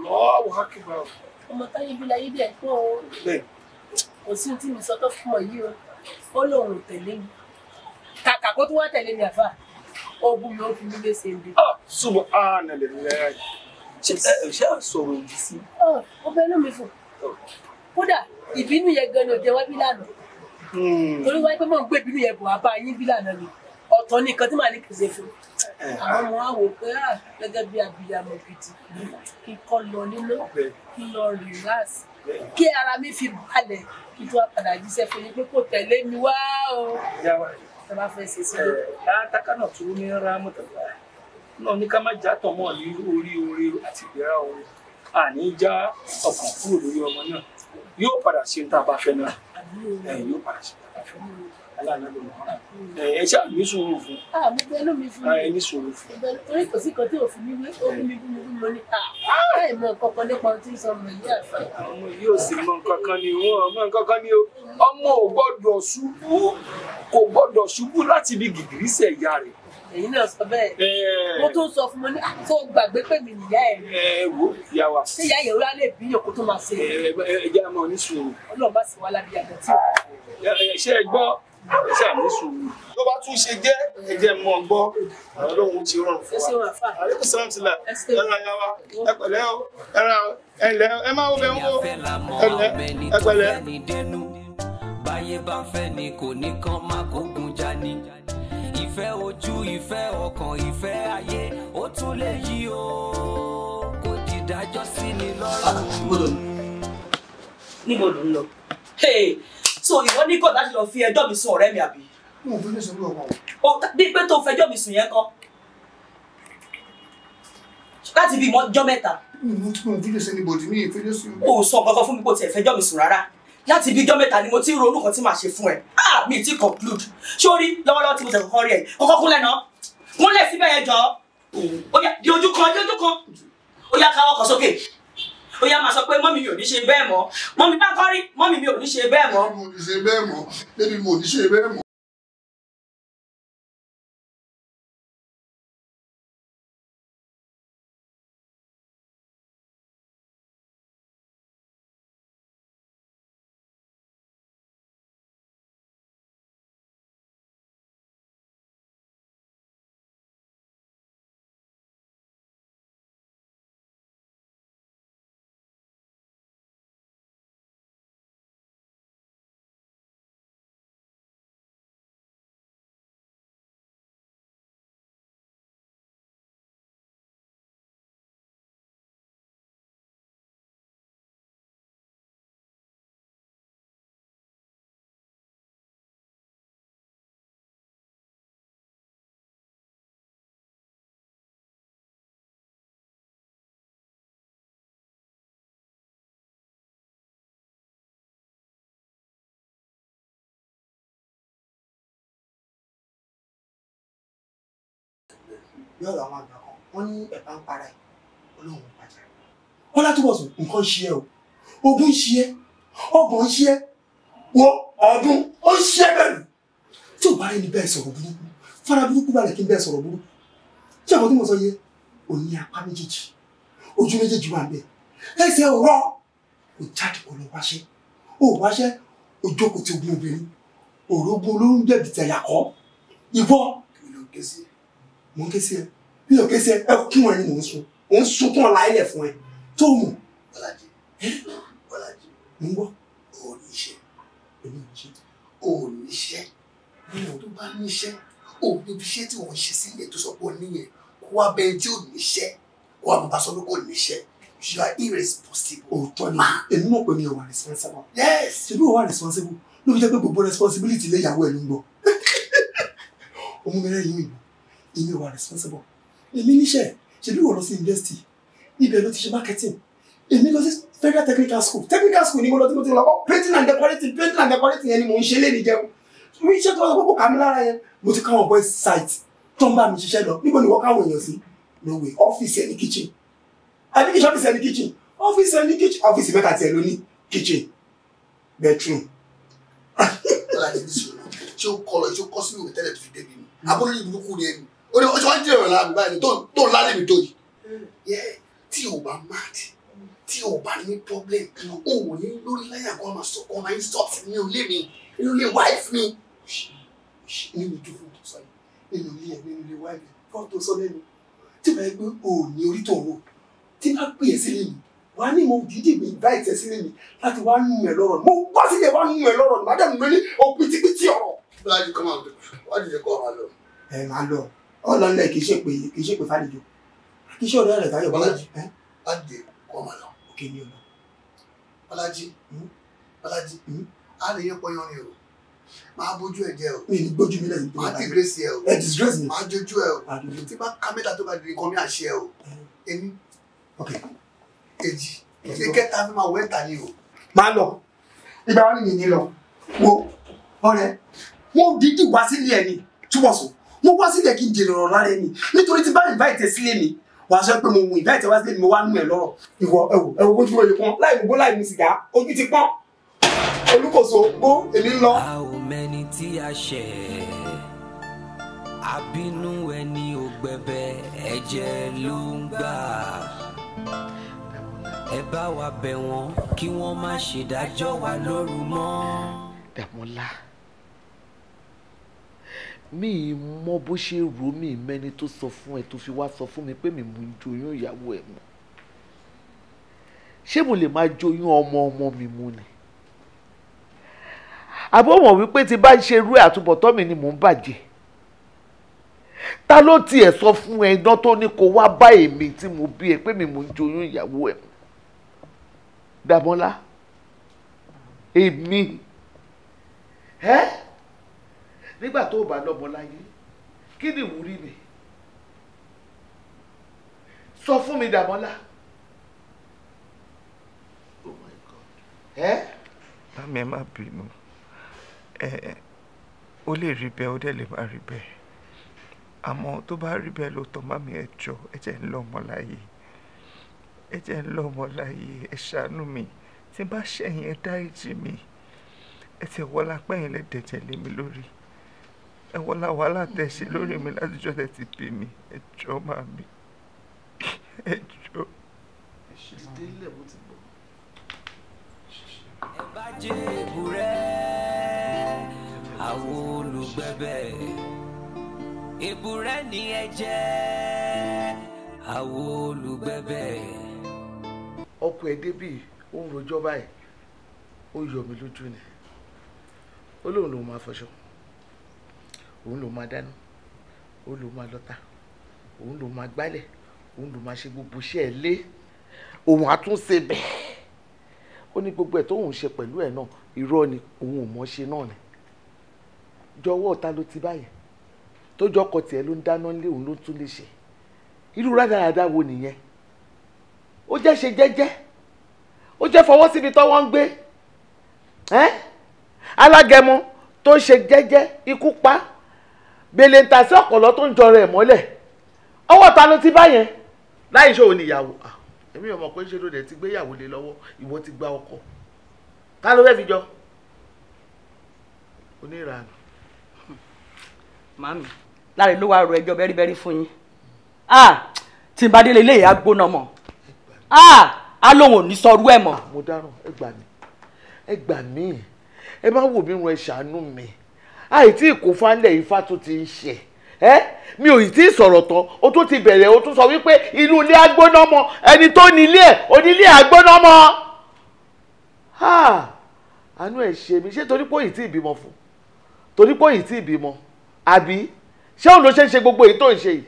Lọ́wọ́ Hákìbá o. Ọmọ táyé bí láyé dẹ̀ pọ̀ o. Bẹ́ẹ̀. Kò sí tí mi sọ́tọ̀ fún ọ yìí o. Ó lóun ò tẹ̀lé mi. Kàkà kó tún wá tẹ̀lé mi àfà. Ó bú mi ó fi mi lé ṣe ń bí. Ṣùgbọ́n àánẹ̀ lè ní ẹ̀yà yìí ṣe ṣe sọ̀rọ̀ òdì sí. ọbẹ̀ inú mi fò kódà ìbínú yẹn gan ni òde wá bí lànà hmm. torí wáyé pé mò ń gbé ìbínú yẹn bò wá bá yín bí lànà mi ọ̀tọ̀ ní nǹkan tí màá ní kì í ṣe fún eh. àwọn ọmọ wa wò pé à ah, gẹ́gẹ́ bí abiyamọ gidi kí n kọ́ lọ nílé kí n lọ relax kí ara mi fi balẹ̀ kí tó padà jíṣẹ́ fún yín pé kò tẹ̀lé mi wá o. ìyá wa bá fẹ́ ṣe sílẹ̀. ẹ ẹ takana tún ní rámọ̀tàlá náà ní ká má já tọ̀mọ́ ní orí oore àti ìlera oore àní já ọkàn kúrò lórí ọmọ náà yóò padà ṣe ní tá a bá fẹ́ náà yóò padà ṣe ní tá a bá fẹ́ náà aláàánú ló mọ́ra ẹ ṣáà ní sòrò fún. àmì bẹnu mi fún mi ẹ ní sòrò fún. torí kò sí kan tí òfin mi wé omi mi bí mi bí mo ní ká ah, láì mọ kankan nípa ohun tí ń sọ ọmọ yìí àfẹ. àwọn ọmọ yìí ò sì mọ kankan ni wọn mọ kankan ni ọmọ ò gbọ́dọ̀ ṣubú kò gbọ́dọ̀ ṣubú láti ibi gìgírísẹ̀ ìyá rẹ̀ èyí náà sọ bẹ́ẹ̀ mo tún sọ fún mo ní àtọ ah, gbàgbé pé mi nìyá ẹ rí wò ìyá wa ṣé ìyá yẹn wúlá lè bí yòókù tó máa ṣe é ẹ jẹ́ àmọ́ bá sì wá lábí àgbẹ̀ tí ò ṣe é gbọ́ ṣe àmì ló bá tún ṣe jẹ́ ẹ jẹ́ mọ́ àwọn Ọlọ́run ti rọrùn fún wa àlékún sàrán ti là ẹ ya wa ẹ o ẹ ra ẹ má wo bẹ ń wo ẹ báyé bá fẹ́ ni kò ní kán má kó gun já ìfẹ́ ojú ìfẹ́ ọkàn ìfẹ́ ayé ó tún lè yí o kò dìdájọ́ sí ni lọ́rùn. Ah, níbo ń lọ so ìwọ ní kọ́ láti lọ fi ẹjọ́ mi sùn ọ̀rẹ́ mi àbí. mo ò fi ní sùn lọ́wọ́. o bí pé tó fẹjọ́ mi sùn yẹn kọ́ láti bí ìmọ̀jọ́ mẹ́ta. mo fi ní sẹ́ni bòdì ní ìfẹ́jọ́ sùn. o sọ kankan fún mi kò tiẹ̀ fẹjọ́ mi sùn rárá láti ibi ijọ́ mẹ́ta ni mo ti ń ronú tí màá ṣe fún ẹ ah mi ti conclude sórí lọ́wọ́lọ́wọ́ tí mo tẹ̀ kọ́kọ́ rí ẹ kọ́kọ́ kún lẹ́nà kúnlẹ̀ síbẹ̀ yẹn jọ ó yá di ojú kan di ojú kan ó yá káwọ́ kan sókè ó yá máa sọ pé mọ́mí mi ò ní ṣe bẹ́ẹ̀ mọ́ mọ́mí bá kọ́ rí mọ́mí mi ò ní ṣe bẹ́ẹ̀ mọ́. mo ní ṣe bẹ́ẹ̀ mọ́ débi mo ní ṣe bẹ́ẹ̀ mọ́. bí ọ̀rọ̀ àwọn àgbà kan wọ́n ní ẹ̀bá ń para ẹ̀ olóhùn pàjá. wọ́n látúbọ̀sùn nǹkan ṣe ẹ́ o ogún ṣe ẹ́ ọgbọ̀n ṣe ẹ́ wọ ọdún ó ṣe ẹ́ bẹ̀rù tí ò bá rẹ̀ ní bẹ́ẹ̀ sọ̀rọ̀ burúkú fara burúkú balẹ̀ kí n bẹ́ẹ̀ sọ̀rọ̀ burúkú tí àwọn tí mo sọ yẹ òní apá méjèèjì ojú méjèèjì wà bẹ́ẹ̀ ẹsẹ̀ ọ̀rọ̀ kò jáde kò lọ wáṣẹ́ ò wáṣẹ́ òjò obìnrin òrógun olóhùn jẹ̀bìtì ẹ̀yà kọ́ ìwọ mò ń ké sí ẹ bí o ké sí ẹ ẹkún ẹ ni mò ń sun mò ń sunkún ọ̀la ilẹ̀ fún ẹ tó mù. bọ́lájì bọ́lájì mo ń gbọ́ o ní iṣẹ́ o ní iṣẹ́ o ní iṣẹ́ bí wọn tó bá ní iṣẹ́ o ní iṣẹ́ tí wọ́n ṣe sílẹ̀ tó sọ pé o níyẹn kó wá bẹ́ẹ̀ tí o ní iṣẹ́ kó wá bàbá sọ pé kò ní iṣẹ́ you are irresponsible. òótọ́ ni èmi mọ̀ pé mi ò wà responsible. yes ṣe bí o wà responsible ló fi jẹ́ pé gbogbo responsibility lé ìyàwó ẹ̀ ló ń gbọ́. ọmọ mi rẹ̀ yín mi èmi ò wà responsible èmi níṣẹ́ ṣèbí wọ́n lọ sí university ibẹ̀ ló ti ṣe marketing èmi lọ sí federal technical school technical school ni mo lọ tí mo ti lọ kọ́ painting and decorating painting and decorating yẹn ni mò ń ṣe léde jẹun mi iṣẹ́ tó wá gbogbo kà mí lára yẹn mo ti káwọn boys site tó ń bá mi ṣiṣẹ́ lọ níbo ni wọ́n káwọn èèyàn sí lówe ọ́fíìsì ẹni kitchen àbí kìí ṣọ́fíìsì ẹni kitchen ọ́fíìsì ẹni kitchen ọ́fíìsì mẹ́ta tiẹ̀ ló ní kitchen bedroom. ṣé o kọ lọ ṣé o kọ sí ìwé tẹ́lẹ̀ tó fi débi ni abúlé ìbùkún ni ẹni ó ní oṣù wájú ìrìn àmì báyìí tó ń lálẹ́ mi tó yìí. Hmm. tí o bá mad tí o bá ní problem o ò ní lórí láyà kan máa sọ kan máa ń sọ sí mi ò lé mi inú ilé wife mi. nínú ìdúró tó sọ yìí nínú ilé ẹ nínú ilé wife mi fọ́n tó sọ lẹ́nu tí màá gbé o ní orí tó wò tí màá pè é sílé mi wàá ní mo dídì mi invite ẹ sílé mi láti wá nù ẹ lọ́rọ̀ mo wá sílé wá nù ẹ lọ́rọ̀ màá dẹ̀ nù ẹ ní òpìtìpìtì ọ̀rọ̀. bí wàá di kọ́ máa lọ wàá di kọ́ máa lọ. ẹ máa lọ ọlọ́nlẹ̀ kì í ṣe pé kì í ṣe pé fàlejò kì í ṣe ọ̀rẹ́ rẹ̀ táyọ̀ bọ́lájì. bájì kọ́ ọmọ lọ. òkè ni ọ̀nà. bọ́lájì hmm? bọ́lájì á hmm? lè yẹ pọyán ni o máa bójú ẹ jẹ o. mi ni gbójú mi lẹ́yìn tó máa disgrace ẹ o. ẹ disgrace mi. máa jójú ẹ o. tí bá kámẹ́tà tó bá di nǹkan mi àṣẹ ẹ o. ẹni. ok. èjì ṣé kẹta fi máa wọ ẹ̀ta ni o. máa lọ ìgbà wọn ni yìnyín lọ wo ọ̀rẹ́ wọn ò dídì wá sílé ẹni túbọ̀ sùn mo wá sílẹ̀ kí n jèrè ọ̀rọ̀ lára ẹni nítorí tí bá invite sílé mi wàá sọ pé mo mú invite wá sílé mi mo wá nú ẹ lọ́rọ̀ ìwọ ẹwò ẹwò bójú oyè pọn láì mú gbó láì mú sìgá ojú ti pọn olùkóso gbó èmi ń lọ. a ò mẹ́ni tí a ṣẹ̀ àbínú ẹni ò gbẹ̀bẹ̀ ẹ̀jẹ̀ ló ń gbà ẹ bá wa bẹ̀ wọ́n kí wọ́n má ṣèdájọ́ wa lóru mọ́. Dàmọ́lá mi ì mọ bó ṣe rò mí mẹ́ni tó sọ fún ẹ tó fi wá sọ fún mi pé mi mú joyún ìyàwó ẹ mu ṣé mo lè máa joyún ọmọ ọmọ mi mu ni àbọ̀ mọ̀ wípé tí bá ń ṣe irú àtúbọ̀tán mi ni mò ń bàjẹ́ ta ló tiẹ̀ sọ fún ẹ iná tó ní kó wá bá èmi tí mo bí ẹ pé mi mò joyún ìyàwó ẹ mu Dàmọ́lá èmi ẹ́. Eh? nígbà tó bá lọ́mọ láyé kí ni ìwúrí mi sọ fún mi Dàmọ́lá. Eh? Oh bámi ẹ má bínú ẹ ó lè rí bẹ́ẹ̀ ó dẹ̀ lè má rí bẹ́ẹ̀ àmọ́ tó bá rí bẹ́ẹ̀ lóòótọ́ bámi ẹ jọ ẹ jẹ́ ń lọ́mọ láyé ẹ ń lọ́mọ láyé ẹ ṣàánú mi tí bá ṣẹ̀yìn ẹ dáríjì mi ẹ ti wọlá pẹ́yìn lé mi lórí ẹ wọlá wàhálà tẹ ṣe lórí mi látijọ́ tẹ ti pè mí ẹ jọ máa mi ẹ jọ. ẹ bá jẹ èbúrẹ́ àwọn olùgbẹ̀bẹ̀ èbúrẹ́ ni ẹ jẹ́ àwọn olùgbẹ̀bẹ̀. ọkọ ẹ débì ó ń rojọ́ báyìí ó yọ ni ó lóun lòun máa òun ló máa dáná òun ló máa lọ́ta òun ló máa gbálẹ̀ òun ló máa ṣe gbogbo iṣẹ́ ẹ̀ lé òun àtúnṣe bẹ́ẹ̀ ó ní gbogbo ẹ̀ tóun ṣe pẹ̀lú ẹ̀ náà irọ́ ni òun ò mọ̀ ṣe náà ni jọ̀wọ́ ta ló ti báyìí tó jọkọ tiẹ̀ ló ń dáná lé òun ló tún lè ṣe irú rádaràda wo nìyẹn ó jẹ́ ṣe jẹ́jẹ́ ó jẹ́ fọwọ́ síbi tọ́wọ́ ń gbé alágẹmọ tó ń ṣe jẹ́jẹ́ ikú pa á gbèlè ń ta sí ọ̀pọ̀lọ́ tó ń jọrọ ẹ̀ mọ́lẹ̀ ọwọ́ ta ló ti bá yẹn láì ṣòwò níyàwó ah, èmi ò mọ̀ pé ṣe ló dẹ̀ ti gbéyàwó lé lọ́wọ́ ìwọ ti gba ọkọ ká ló fẹ́ fi jọ oníranù. màmí láre ló wá ro ẹjọ́ bẹ́rìbẹ́rì fún yín ah, tí n bá délé ilé ìyá gbóná mọ́ ah, a lóun ò ní sọrú ẹ̀ mọ́. mo dáràn ẹ gbà mí ẹ gbà mí ẹ má wò mí run ẹ ṣàánú mi àìtí ìkófánlẹ̀ ifá tó ti ń ṣe ẹ mi ò tí ì sọ̀rọ̀ tán o tún ti bẹ̀rẹ̀ o tún sọ wípé inú ilé agbóná mọ ẹni tó nílé ẹ̀ onílé agbóná mọ. àánú ẹ̀ ṣe mi ṣé torí pé òyì tí ì bímọ fún torí pé òyì tí ì bímọ àbí ṣé òun ló ṣe ń ṣe gbogbo èyí tó ń ṣe yìí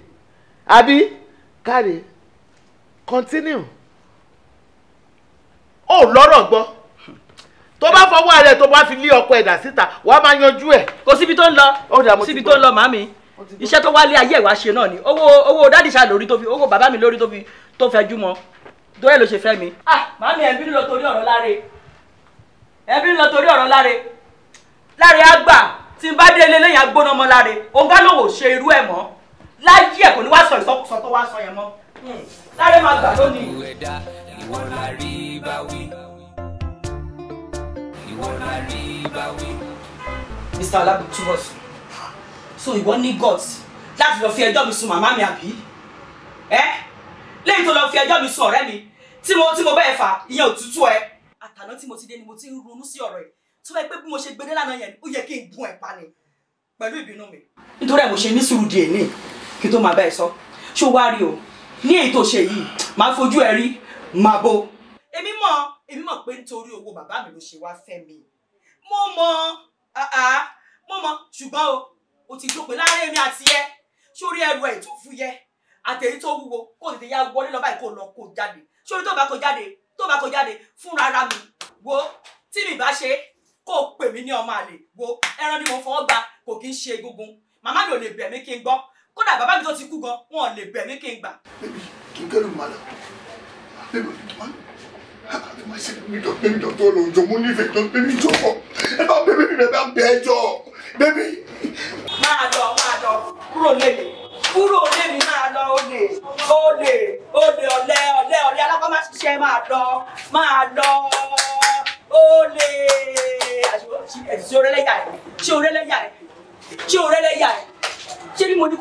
àbí káre continue ó lọ́rọ̀ gbọ́ tó bá fọwọ́ rẹ̀ tó bá fi lé ọkọ ẹ̀dà síta wà á máa yanjú ẹ̀. kò síbi tó ń lọ síbi tó ń lọ màmí iṣẹ́ tó wálé ayé ìwà ṣe náà ni owó owó dádìsá lórí tó fi owó bàbá mi lórí tó fi tó fẹ́ jú mọ́ tó yẹ ló ṣe fẹ́ mi. ah ẹ̀ bínú lọ torí ọ̀rọ̀ láre ẹ̀ bínú lọ torí ọ̀rọ̀ láre láre á gbà tí n bá dé ilé lẹ́yìn agbóná mọ́ láre òǹkà ṣe irú ẹ̀ mọ́ láyé ẹ̀ kò ní wá sọ ìsọkúsọ tó wá sọ yẹn mọ́ hmm. láre máa gbà lónìí. Mr. Olabi Túbọ̀sùn so you ní guts gods? That's your fear job. sùn màmá mi àbí ẹ́ eh? lẹ́yìn tó lọ fi ẹjọ́ mi sùn ọ̀rẹ́ mi tí mo tí mo bẹ́ẹ̀ fà ìyẹn òtútù ẹ. àtàná tí mo ti dé ni mo ti ń ronú sí ọ̀rọ̀ ẹ̀ tó fẹ́ pé bí mo ṣe gbé dé lánàá yẹn ó yẹ kí n gún ẹ̀ pa ni to ìbínú mi. nítorí You mo ṣe ní sùúrù di èní kí tó máa bẹ́ẹ̀ sọ ṣó wá rí o ní èyí tó èmi mọ̀ pé nítorí owó bàbá mi ló ṣe wá fẹ́ mi mo mọ mo mọ ṣùgbọ́n o o ti dópin láàrin èmi àti ẹ sórí ẹrù ẹ̀ tó fúyẹ́ àtẹ̀yí tó wúwo kó o tètè ya wọlé lọ́ba ìkó lọ kó jáde sórí tó bá kó jáde tó bá kó jáde fúnra ara mi wo tí mi bá ṣe kó o pè mí ní ọmọ àlè wo ẹran ni mo fọwọ́ gbà kò kí ń ṣe egungun màmá mi ò lè bẹ̀ mí kí n gbọ́ kódà bàbá mi tó ti kú gan wọn ò lè bẹ̀ mí kí n gbà. bébì kí n kẹ́rù màlà bébì kí n máa má ṣe bẹ́ẹ̀ mi jọ bẹ́ẹ̀ mi jọ tó lọ jọ mo nífẹ̀ẹ́ jọ bẹ́ẹ̀ mi jọ ẹ bá bẹ́ẹ̀ mi bẹ́ẹ̀ bá bẹ́ẹ̀ jọ bẹ́ẹ̀ mi. máa lọ máa lọ kúrò lẹ́yìn kúrò lẹ́yìn máa lọ olè olè olè ọ̀lẹ ọ̀lẹ ọ̀lẹ alákọ̀ọ́ má ṣiṣẹ́ máa lọ máa lọ olè ṣe orẹ́lẹ́yà rẹ̀ ṣe orẹ́lẹ́yà rẹ̀ ṣe orẹ́lẹ́yà rẹ̀ ṣé ni mo ní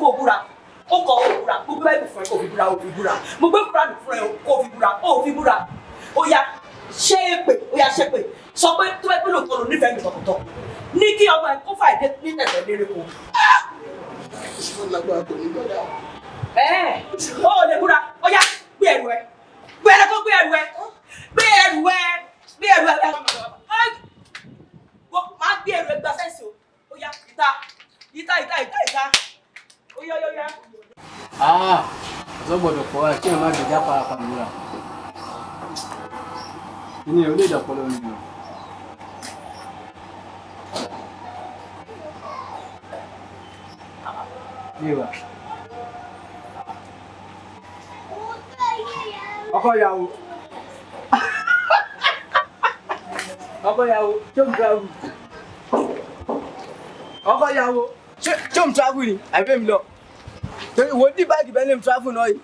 ṣé èpè ó yà ṣe pé sọ pé tó ẹgbẹ́ lòótọ́ ló nífẹ̀ẹ́ mi tọkọtọ̀ ní kí ọmọ ẹ kó fàìdé ní tẹ̀sẹ̀ lérè kó. ó lè búra ó yá gbé ẹrù ẹ gbé ẹrù ẹ gbé ẹrù ẹ gbé ẹrù ẹ gbé ẹrù ẹ máa gbé ẹrù ẹ gba sẹ́ǹsì o ó yá ìta ìta ìta ìta ìta ó yá ó yá. àà ah, ọ̀sọ́ gbọ́dọ̀ kọ́ ẹ kí ẹ má gbèjà parapamọ́ra ìní ò lè dàpọ̀lọ́ ni o. Níwà. Ọkọ ìyàwó. Ọkọ ìyàwó tó ń travel. Ọkọ ìyàwó tó ń travel ni àbẹ́ mi lọ. Torí wo ní báàgì bẹ́ẹ̀ ni travel náà yìí.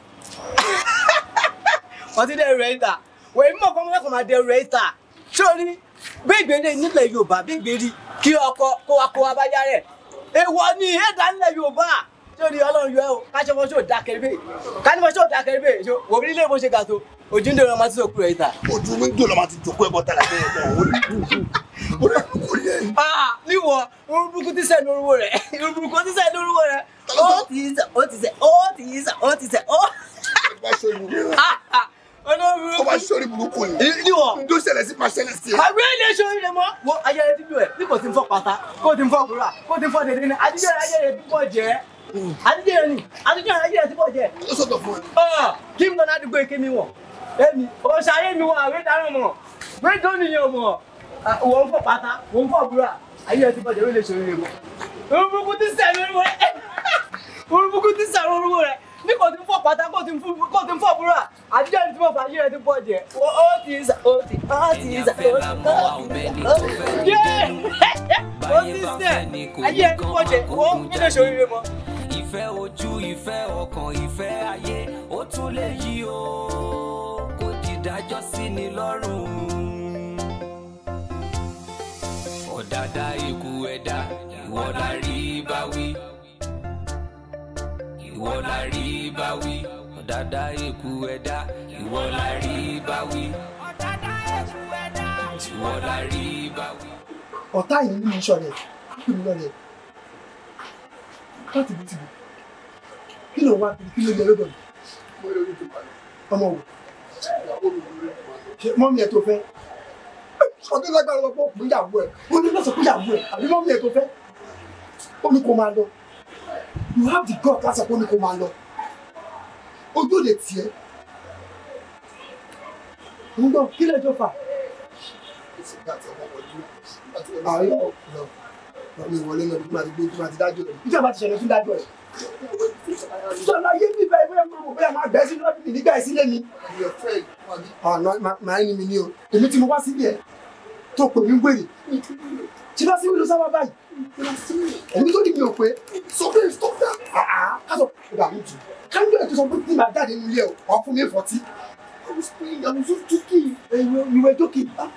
Wọ́n ti wèé mọ̀ fún ọmọdé kan máa dẹrù rẹ̀ ta sórí gbégbére nílẹ̀ yorùbá gbégbére kí ọkọ kó wa kó wa bá yá rẹ̀ èèwọ̀ ni èdà nílẹ̀ yorùbá sórí ọlọ́run yọ ẹ́ o ká ṣọmọ ṣó da kẹrìbẹ́ ká ní mọ ṣó da kẹrìbẹ́ wò bí nílé ìbò ṣe ga tó ojú ń dòrò ọmọ tí sòkú rẹ̀ ta. ojú ń dòrò ọmọ tí jòkó ẹ̀bọ tàlà bẹ́ẹ̀ bẹ́ẹ̀ níwọ̀ irun burúkú ti sẹ́ lórúkọ rẹ̀ irun burúkú ti sẹ́ lórúkọ rẹ̀ ó ti sẹ́ ó ti sẹ́ ó ti sẹ́ ọba sori burúkú ni n tó ṣẹlẹ̀ sí ma a sí ẹ. àwọn ilé iṣẹ́ orin rẹ̀ mọ́ wo ayẹyẹ ti bí rẹ̀ bí kò ti ń fọ́ pátá kò ti ń fọ́ gbúra kò ti ń fọ́ dédé ní adíjọ́ ayẹyẹ ti bọ̀ jẹ́ adíjọ́ ni adíjọ́ ayẹyẹ ti bọ̀ jẹ́. ó sọ̀tọ̀ fún ẹ. kí n lọ ládùúgbò ike mi wọ̀ èmi òòṣà ayé mi wọ̀ àwé dáná mọ̀ wé tó nìyẹn mọ̀ wọ́n ń fọ́ pátá wọ́n ń fọ́ gbúra ayẹyẹ ti bọ̀ jẹ́ o lè ṣe orin rẹ̀ mọ́ bí kò ti ń fọ pátá kò ti ń fọ búra àtijọ́ ni tí mo fà yí rẹ ti pọ̀ jẹ́ ó ti ń sà ó ti ó ti sà ó ti ó ti yé ó ti sẹ̀ ayé rẹ pọ̀ jẹ́ ó kí ló ṣe oríire mọ́. ìfẹ́ ojú ìfẹ́ ọkàn ìfẹ́ ayé ó tún lè yí o kò dìdájọ́ sí ni lọ́rùn ọ̀dàdà ikú ẹ̀dá ìwọ́lárí. ìwọ la rí bá wí ọ̀dàdà èkú ẹ̀dá ìwọ la rí bá wí ọ̀dàdà èkú ẹ̀dá ìwọ la rí bá wí. ọ̀tá yìí ní ìṣọ̀rẹ̀ kí ni lọ́rẹ̀ láti bí tìbí kí ló wá kí ló yẹ lọ́dọ̀ ọmọ wò mọ́mí ẹ̀ tó fẹ́ ọdún lágbára lọ́pọ̀ fún ìyàwó ẹ̀ ó ní lọ́sọ̀ fún ìyàwó ẹ̀ àbí mọ́mí ẹ̀ tó fẹ́ ó ní máa lọ you have the god láti ẹ̀kọ́ ní kó máa lọ ojú òde tiẹ̀ ń gbọ́ kí lẹ́jọ́ fà. àárọ̀ lọ lọ́mọ ìwọlé náà bí màá ti gbé bí màá ti dájọ́ rẹ̀. ìjọba ti ṣẹlẹ̀ fún dájọ́ rẹ̀. sọlá yé mi bẹ́ẹ̀ bẹ́ẹ̀ mo bẹ́ẹ̀ máa bẹ́ẹ̀ sínú ọ́fíìsì nígbà ìsílẹ̀ mi. ọ̀nà màá ní mi ní o èmi tí mo wá sílẹ̀ tó pè mí wèrè tí bá sí mi ló sábà báyìí èmi tó dìbò pé sọ pé ah, ah, sọ pé kásọ ìgbà mi jù kájọ ètò sọ pé tí màá jáde nílé o wà fún mi fọtí. I was playing, I was just joking. You were joking. Ah,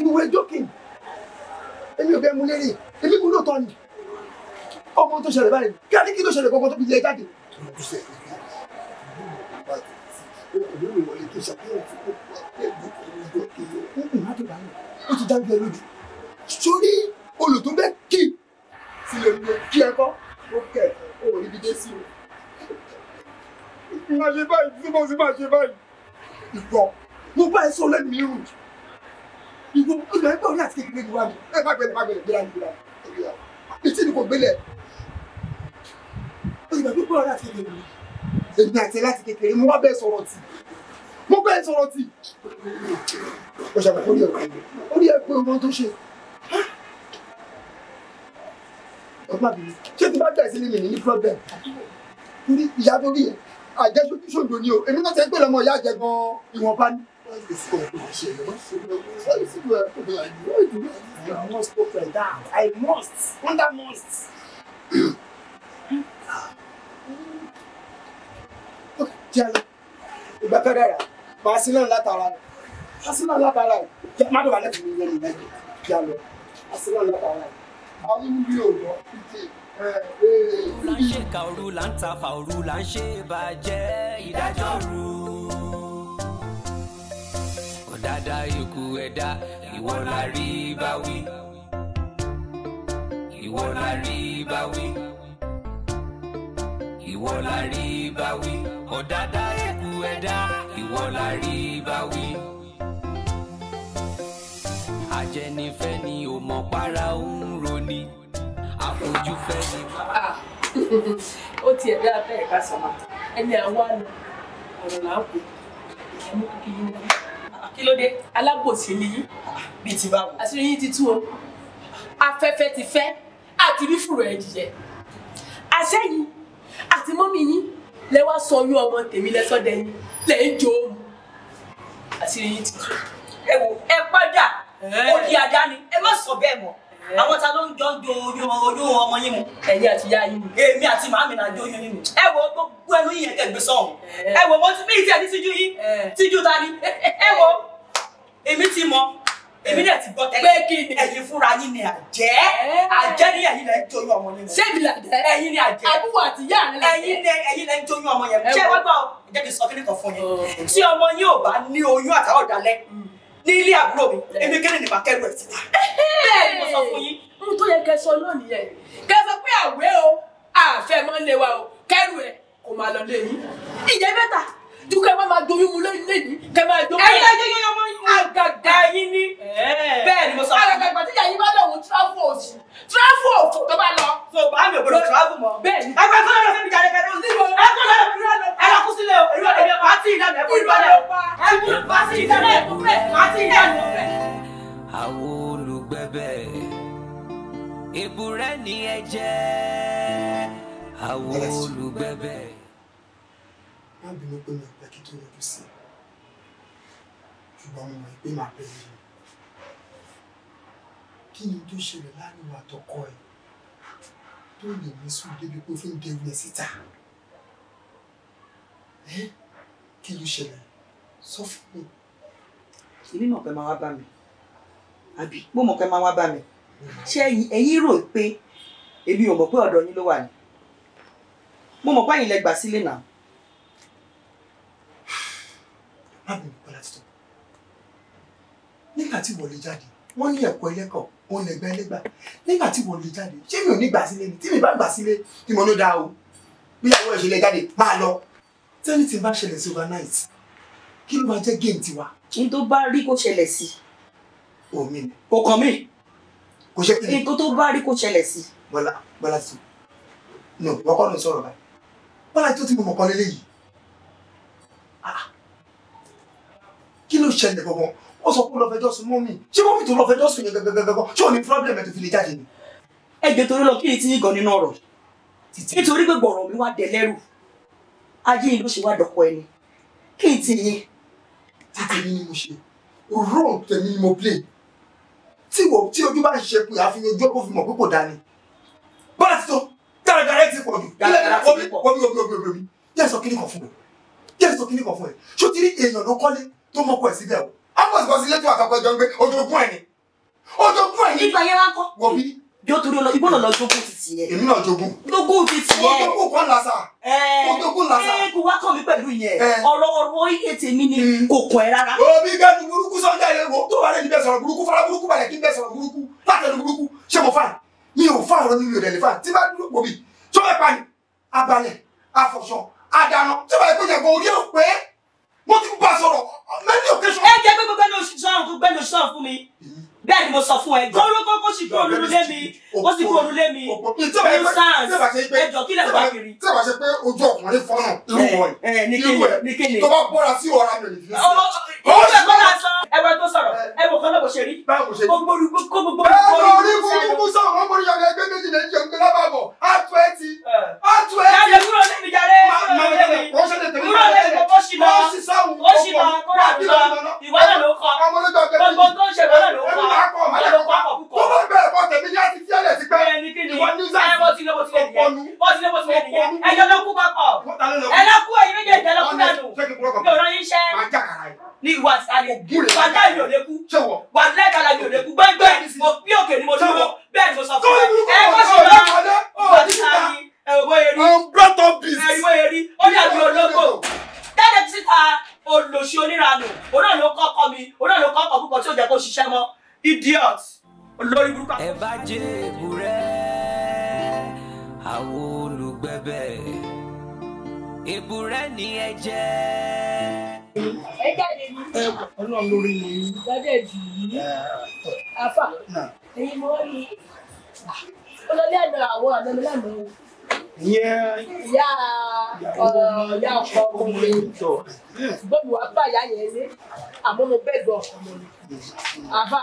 you were joking. Èmi ò bẹ́ẹ̀ mú lérè, èmi kú lóòótọ́ ni. Ọmọ tó ṣẹlẹ̀ báyìí, kí á ní kí ló ṣẹlẹ̀ gbọ́ngàn tó fi lé jáde. ó ti dá gbẹ lójú sórí olùtúnbẹ́ kì sí lè lo kí ẹ kọ́ ó kẹ̀ ó rí bí dé sí o. má ṣe báyìí tí mo sì máa ṣe báyìí. ìgbọ́ mo bá ẹ sọ lẹ́nu mi rùn ìgbọ́ ìgbà ẹgbẹ́ orí àti kékeré ni wà mí ẹ má gbẹlẹ má gbẹlẹ gbéra ní gbéra ẹgbẹ́ ìtì ni kò gbélẹ̀ ìgbà gbogbo ọ̀rẹ́ àti kékeré mi èmi àti ẹ láti kékeré mo wá bẹ́ẹ̀ sọ̀rọ̀ tì mo bẹ́ẹ̀ sọ̀rọ̀ tì. ọ̀ṣàkókò orí ẹ̀ orí ẹ̀ pé ọmọ tó ṣe. ọgbà bìbí ṣé tí bá bẹ̀rẹ̀ sí lè ní ní problem torí ìyá tó rí yẹn àjẹsójú ṣòjò ni o èmi náà ti ń pè lọ́mọ ìyá àjẹ gan ìwọ̀nba ni. I must go like that. I must. Wonder must. Jẹ́ lọ. Ìgbà fẹ́ dára. Màá sí náà látara rẹ̀. Màá sí náà látara rẹ̀. Má dọ̀bà lẹ́kùn mi lẹ́nu lẹ́nu. Jẹ́ lọ. Màá sí náà látara rẹ̀ awúrúbí ògbọ́ títí. òru là ń ṣe ka òru là ń ta fa òru là ń ṣe bàjẹ́ ìdájọ́ òru. ọ̀dàdà ikú ẹ̀dá ìwọ la rí bá wí. ìwọ la rí bá wí. ìwọ la rí bá wí. ọ̀dàdà ikú ẹ̀dá ìwọ la rí bá wí ajẹnifẹ ni o mọ para òun ni àfojúfẹ́ ni bàbá. Ah. ó tiẹ̀ bí abẹ́ ẹ̀ka sọ̀mà ẹni àwa lọ ọ̀rọ̀ là ń kó ìyẹn mú kí yín náà. Ah, kí ló dé alábòsí ni yín. Ah, bíi ti báwo. àṣírí yín ti tú o afẹ́fẹ́ ti fẹ́ àti rífùrọ̀ ẹ̀ jíjẹ àṣẹ́yìn àti mọ́mí yín lẹ wá sọ oyún ọmọ tèmi lẹ́sọ̀dẹ̀ yín lẹ́ ń jó òun àṣírí yín ti tú. ẹ wo ẹ padà ó di àdáni ẹ má sọ bẹ́ẹ̀ mọ́. Eh? àwọn ta ló ń jọ ń jo ojú ọmọ yín mu. ẹ̀yin àti ìyá yín mu. èmi àti màámi náà jó yín mu. ẹ wo gbogbo ẹnu yìí yẹn kẹgbẹ sọhùn. Eh? ẹ wo mo ti mí ìtẹ́ ní tíjú yín eh? tíjú ta ni. ẹ wo èmi ti mọ èmi náà ti gbọ́ pé kí ni ẹ̀yin fúnra yín ni àjẹ́ àjẹ́ ni ẹ̀yin lẹ ń joyún ọmọ yẹn. ṣébi làjẹ́ ẹ̀yin ni àjẹ́ àbúrò àti ìyá rẹ làjẹ́ ẹ̀yin ni ẹ̀yin lẹ ń joyún ọmọ yẹn. ṣé wọ́n gbọ́ jẹ́ kí n sọ kí ni kò fún yín oh. tí ọmọ yín ò bá ní oyún àtàwọ̀dálẹ́ mm ní ilé àbúrò mi èmi kéde nípa kẹrù ẹ̀ síta. bẹ́ẹ̀ ni mo sọ fún yín ohun tó yẹ kẹ sọ lónìí yẹn kẹ sọ pé àwẹ̀ o àfẹ́ mọ́ lé wa o kẹrù ẹ̀ kò máa lọ lé yín. ìyẹn bẹ́tà dúkẹ́ wọn máa doyún mu lóyún lé yín kẹ máa doyún. ẹ̀yin ẹ̀jẹ̀ yẹn ọmọ àgàgà yín ní. bẹ́ẹ̀ ni mo sọ. àgàgà ìgbà tí yàyí bá lòun travel òsì travel òfò tó bá lọ. so bá mi ò gbọdọ̀ travel mọ́. bẹ́ẹ̀ ni. ẹgbẹ́ fún ẹgbẹ́ mi jàre kẹtẹ òsì. ẹ kọ́ lọ ẹ lọ kú sílẹ̀ o. ìwọ èmi máa ti ìdá mi ẹ fún ìdọ́lẹ̀ o. ẹ kú máa ti ìdá mi ẹ fún rẹ̀ máa ti ìdá mi ẹ. àwọn olùgbẹ̀bẹ̀ èbúrẹ́ ni ẹ jẹ́ àwọn olùgbẹ̀bẹ̀. má bínú pé mi ò pẹ́ kí tó yọjú sí i ọmọ ẹgbẹ́ máa bẹ̀rẹ̀ rẹ̀ kí ni tó ṣẹlẹ̀ láàrin àtọkọ ẹ̀ tó lè ní sùn débi pé fi ń dẹrù ẹ̀ síta kí ló ṣẹlẹ̀ sọ fún mi. èmi mọ̀ pé máa wá bá mi àbí mo mọ̀ pé máa wá bá mi ṣé ẹ̀yin rò pé èmi ò mọ̀ pé ọ̀dọ̀ yín ló wà ní mo mọ̀ pé ẹ̀yin lẹ gbà sílé náà nígbà tí wọ́n lè jáde wọ́n ní ẹ̀kọ́ ẹlẹ́kọ̀ọ́ òun lẹ̀gbẹ́ ẹlẹ́gbà nígbà tí wọ́n lè jáde ṣé mi ò ní gbà sílé ni tí mi bá gbà sílé tí mo ló dáa o bí àwọn ìṣẹ̀lẹ̀ jáde máa lọ tẹ́lẹ̀ tí bá ṣẹlẹ̀ sí overnight kí ló máa jẹ́ géèmù tiwa. n tó bá rí kó ṣẹlẹ̀ sí. omi ni. kò kàn mí. kò ṣe kí ni. ètò tó bá rí kó ṣẹlẹ̀ sí. bọ́lá bọ́lá ti no wọ́n kọ́ sọ̀rọ̀ báyìí bọ́lá tó ti mọ̀ kọ́ lélẹ́yìí ah. kí ló ṣẹlẹ̀ gbọ̀ngàn ó sọ pé ó lọ fẹjọ́ sùn mọ́mì ṣé mọ́mì tó lọ fẹjọ́ sùn yẹn gàgàgàgà ṣé ò ní problem ẹ̀ tó fi lè jáde ni. ẹ gbé torí lọ kí ni ti yín gan nínú ọ̀rọ̀ nítorí pé gbọ̀rọ̀ mi wá dẹ lẹ́rù ayé yìí ló ṣe wá dọ̀kọ ẹni kí ni ti yín. títí mi ni mo ṣe wrong tèmi ni mo play tí ojú bá ń ṣe pé àfihàn ojú ọkọ fi mọ̀ pé kò dání bá a ti tó gàràgàrà ẹ ti pọ̀ jù kílẹ̀ ní omi omi omi omi omi yẹ́n sọ kíní kan fún mi yẹ́n sọ kíní kan fún ẹ ṣó ti rí èèyàn ló kọ́lé tó mọ́kọ ẹ̀ síbẹ̀ o ambọ̀sibọ̀sí létí àtọkọ ẹjọ́ ń gbé ojoogun ẹ̀ ni ojoogun ẹ̀ ni. ìgbà yẹn wá kọ́. wọ bí. yóò torí ọlọ ìbọn lọ jogún ti tiẹ̀. èmi náà jogún. jogún ti tiẹ̀. ojoogun kan làṣà. ojoogun làṣà. ẹ kò wá kàn mí pẹ̀lú yẹn. ọ̀rọ̀ ọ̀rọ̀ iye tèmi ni hmm. kò kàn ẹ́ rárá. omi gẹ́nu burúkú sọ́jà ilé wo tó bá lẹ́ni bẹ́ẹ̀ sọ̀rọ̀ burúkú fara burúkú balẹ̀ kí n bẹ́ẹ̀ sọ̀rọ̀ burúkú látẹnu burúkú ṣé mo fà mi ò fà ọ̀rọ̀ nínú ìrẹ̀lẹ̀ fà tí bá dúró pò mí tó bẹ́ẹ̀ pa ni abalẹ̀ afọ̀ṣọ àdànà tí bá yẹ kó yẹ kó orí ẹ̀ pé mo ti bá sọ̀rọ̀ fún mi bẹ́ẹ̀ ni mo sọ fún ẹ dúró kó kó sì dúró lulú lé mi ó sì dúró lulú lé mi nuisance ẹjọ kílẹ̀ wá kiri. tí a bá ṣe pé ojú ọkùnrin fọ́nà irú wọ̀ eh, yìí eh, irú ẹ̀ tó bá bọ́ra sí ọ̀rá mi nìyí. Oh, oh, oh, ó ṣe kọ́ náà sọ ẹwà tó sọ̀rọ̀ ẹwà kan náà kò ṣe rí gbogbo gbogbo gbogbo. ẹ lọ rí kúrú sọ̀rọ̀ wọ́n ìyá ọkọ ọkùnrin ṣùgbọ́n mi wá bá ìyá yẹn lé àmọ́ mo bẹ́ẹ̀ gbọ́ ọkọ mọ́ ni àbá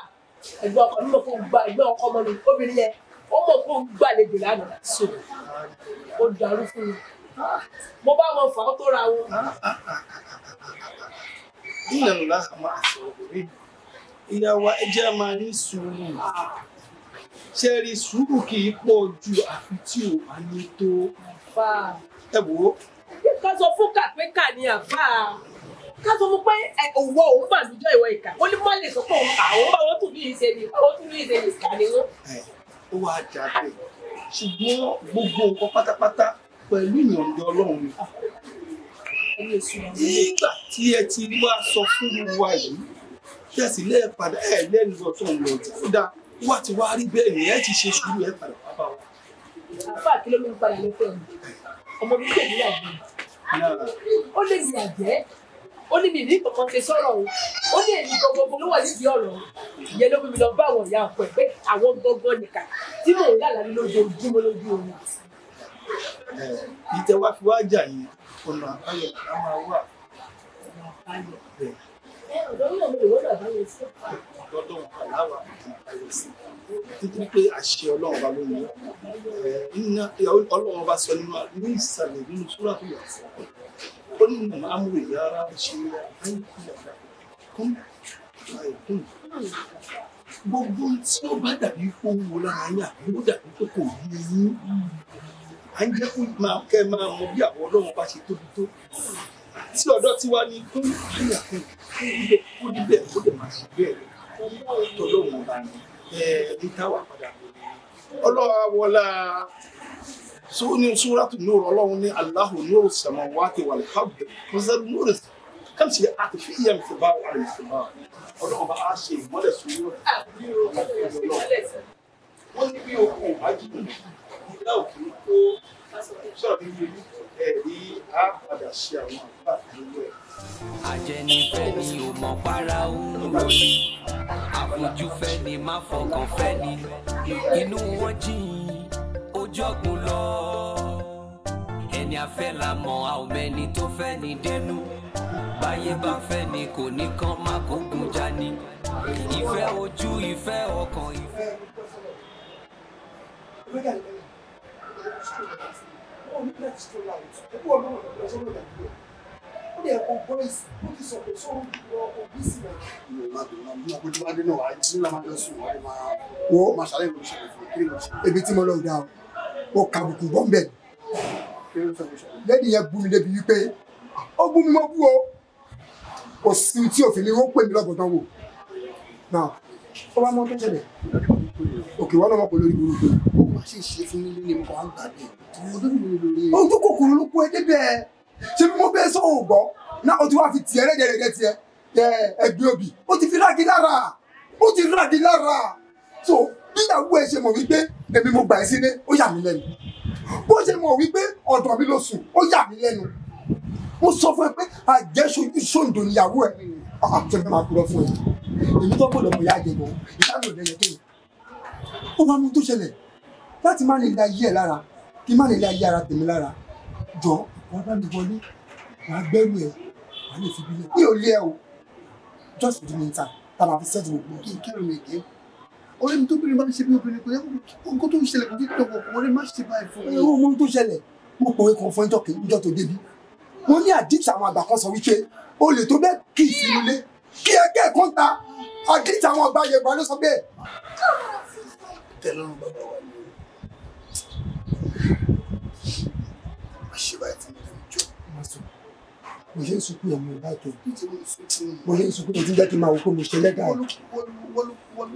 ẹgbẹ́ ọkọ mi mọ̀ kó gba ẹgbẹ́ ọkọ mọ́ ni obìnrin yẹn ó mọ̀ kó gbàlejò lánàá so ó dàrú fún mi mo bá wọn fà ó tó ra wọn. ìyá ńlá máa sọ̀rọ̀ rí ìyá wa ẹ máa ní sùúrù ṣe rí sùúrù kì í pọ̀ ju àfi tí ò bá ní tó ẹ wò ká sọ fún kà pé kà ní àbá ká sọ fún pé òwò òun bàlújọ ìwọ ìkà ó ní mọ́lẹ̀ sọ pé àwọn bá wọ́n tún ní ìṣe ni àwọn tún ní ìṣe ni ìkà ni wọ́n. ó wàá jà bẹ́ẹ̀ ṣùgbọ́n gbogbo nǹkan pátápátá pẹ̀lú ìyọ̀ǹda ọlọ́run ni nígbà tí ẹ ti wá sọ fún wa yìí tẹ̀sí lẹ́ẹ̀padà ẹ̀ lẹ́nu lọ tó ń lọ jù ó dáa wá ti wá rí bẹ́ẹ̀ yẹn ti ṣe sùúrù ẹ̀ padà wá bá wa. àfa àkìlẹ́ ló ń padà lọ́pọ̀ ọmọ bíbélì àgbẹ̀ ó lè ní àjẹ́ ó ní mímí kankan ṣe sọ̀rọ̀ o ó ní èyí gbogbo ló wà nídìí ọ̀rọ̀ ìyẹn ló fi mi lọ bá àwọn ìyá ọ̀pẹ pé àwọn gangan nìkà tí mò ń lálàá lójoojúmọ́ lójú omi. ìtẹ̀wá fi wá jà yìí ọ̀nà àbáyọ a máa wà. ọ̀nà àbáyọ bẹ́ẹ̀. ẹ ọ̀dọ́ yóò mú ìwọ́n àbáyọ sí ọ̀pá lọ́dọ̀ọ̀n aláwa àìsí nítorí pé àṣẹ ọlọ́run bá lóyún ẹ ọlọ́run bá sọ nínú ní ìsàlẹ̀ nínú súrà tó yà fún ọ ní ìmọ̀ amúre yàrá ṣe àìkú yàrá kún àìkún gbogbo tí ó bá dàbí kó wo lára yà ló dàbí pé kò yé yín à ń jẹ́ kó máa kẹ́ máa mọ bí àwọn ọlọ́run bá ṣe tóbi tó tí ọ̀dọ́ tiwa ni kún àyà kó níbẹ̀ kó dẹ̀ máa ṣe bẹ́ẹ̀ tó lóun bá ní ní táwa padà ọlọ́wọ́lá sóní súrátù nóòrò ọlọ́run ní aláhùn nóòrò samawati wal ardi mọ́sálù nóòrò kàmsì àti fíyàm fìbá àrùn fìbá ọlọ́run bá a ṣe ìmọ́lẹ̀ sóyún bá jù ìdá òkú kó sọ̀rọ̀ bí ẹ̀rí á padà ṣe àwọn àgbà nínú ẹ̀. àjẹnifẹ́ ni ò mọ̀ para òun lórí àfojúfẹ́ ni ma fọkàn fẹ́ ni inú wọn jìn ojú ọ̀gbun lọ ẹni afẹ́ la mọ̀ àwọn ẹni tó fẹ́ ni dẹnu báyé bá fẹ́ ni kò ní kán má kó gun jani ìfẹ́ ojú ìfẹ́ ọkàn ìfẹ́ ó ní láti tó la òtún ẹbí wọn lọ́wọ́ lọ́wọ́ sọ́nà ìdàgbé ó ní ẹ̀kọ́ boys ó ti sọ̀rọ̀ sóhun lọ òbí sí náà. mi ò má bẹ̀rù náà bí ọkùnrin tó bá dé náà wàá jí nílá máa lọ sùn wàá máa wo máa ṣàlàyé ìwé ìṣẹ̀lẹ̀ fún kí ló ṣe. ebi tí mo lọ dá o kàbùkù bọ́ mbẹ́ lẹ́yìn yẹn bú mi débi wípé ó bú mi mọ́ bú o kò sí tí òfin ni ó pè mí lọ́gbọ̀dán wò náà ó bá mọ́ tó ṣẹlẹ̀ òkè wọn náà mọ̀ pé lórí burúkú tí ì ṣe fún mi ní nǹkan àgbàdì olórí mi lórí. ohun tó kòkòrò ló kó ẹdẹ bẹ́ẹ̀ ṣé bí mo bẹ́ẹ̀ sọ ò gbọ́ náà o ti wá fi tiẹ̀ rẹ́gẹ̀rẹ́gẹ́ tiẹ̀ ẹgbẹ́ òbí o ti fi rádi lára o ti rádi lára so bíyàwó ẹ ṣe mọ̀ wípé èmi mo gbà ẹ́ sílé ó yà mí lẹ́nu bó ṣe mọ̀ wípé ọ̀dọ̀ mi ló sùn ó yà mí lẹ́nu mo sọ fún ẹ pé àjẹsójú sóńdò níyàwó ẹ àti ọmọ àkúrọ fún ẹ èmi tó gbọ́dọ̀ mọ ìyá àjẹbọ ìyá láti má lè da yí ẹ lára kí má lè da yí ara tèmi lára jọ wọn bá mi wọlé wàá gbẹrù ẹ wàá lè fi bí lẹ mi ò lé ẹ o just for the meantime tá a máa fi ṣẹ́ẹ̀tì gbogbo kí n kírun mi kí orí mi tó bìnrin bá mi ṣe bí obìnrin kò yẹ kó nǹkan tó ń ṣẹlẹ̀ kò ní tọkọ kò wọlé má ṣe báyìí fún mi. irú ọmọ tó ṣẹlẹ̀ mo pòwe kan fún ẹjọ́ kejì níjọ́ tó débi mo ní àdìtì àwọn àgbà kan sọ wípé o lè tó bẹ́ẹ̀ kí ìsinmi lé kí ẹ kẹ́ẹ̀kan ta àdìtì àwọn àgbà Yorùbá ló sọ bẹ́ẹ̀. tẹ́lọ́run bàbá wa ni má ṣe báyìí fún mi lẹ́nu jọ. mo ṣe ń sunkún ẹ̀mí ọba ìtọ́ mo ṣe ń sunkún ẹ̀jú jẹ́ kí n máa wò pé mo ṣe lẹ́gàá. wọ́lọ́kùn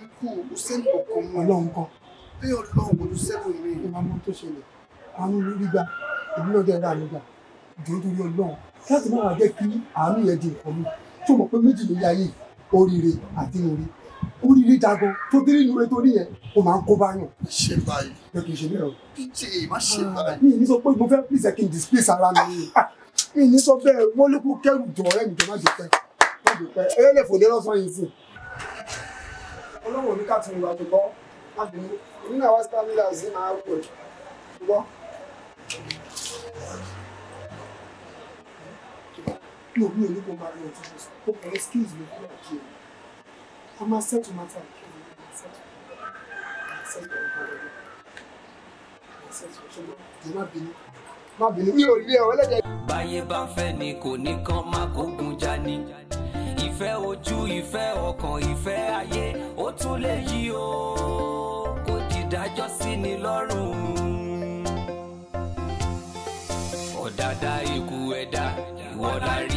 mi kú olùsẹ́nu ọkọ̀ mi. ọlọ́run kan. bí ọlọ́run olùsẹ́nu mi. ìmọ̀ tó ṣẹlẹ̀ àánú lórí gbà ìbílẹ̀ ọdẹ ẹ̀rọ àmì gbà dúdúrú ọlọ́run láti má wàá jẹ́ kí àánú yẹn di nǹkan mi tó mọ̀ pé méjì ló yá yìí oríire àti orí oríire jago tó dé nínú rẹ tó ní o máa ń kó bá yàn. ṣe báyìí. ẹ kì í ṣe bẹ́ẹ̀ o. pj má ṣe ah, báyìí. mi ì ní sọ pé mo fẹ́ pèsè kí n displace ara mi. Ah, mi ì ní sọ bẹ́ẹ̀ wọ́n ló kó kẹ́rù jọ ọ̀rẹ́ mi jọ má jò pẹ́ má jò pẹ́ ẹlẹ́lẹ̀ fò dé lọ́sàn-án yìí fún. ọlọ́run òní ká ti rìn àjò bọ́ àbínú nínú àwọn stamina sí máa wù ẹ̀ gbọ́. mi ò ní ìlú kan bá rí ọtí ṣe a máa ṣẹ́jú mátà ni a ṣẹ́jú ṣẹ́jú ọ̀gá rẹ̀ ṣẹ́jú ṣùgbọ́n ẹ má bínú má bínú mi ò rí ẹ ọlẹ́jẹ̀. báyé bá fẹ́ ni kò ní kán má kógun já ni ìfẹ́ ojú ìfẹ́ ọkàn ìfẹ́ ayé ó tún lè yí o kò dìdájọ́ sí ni lọ́rùn. ọ̀dàdà ikú ẹ̀dá ìwọ́lárí.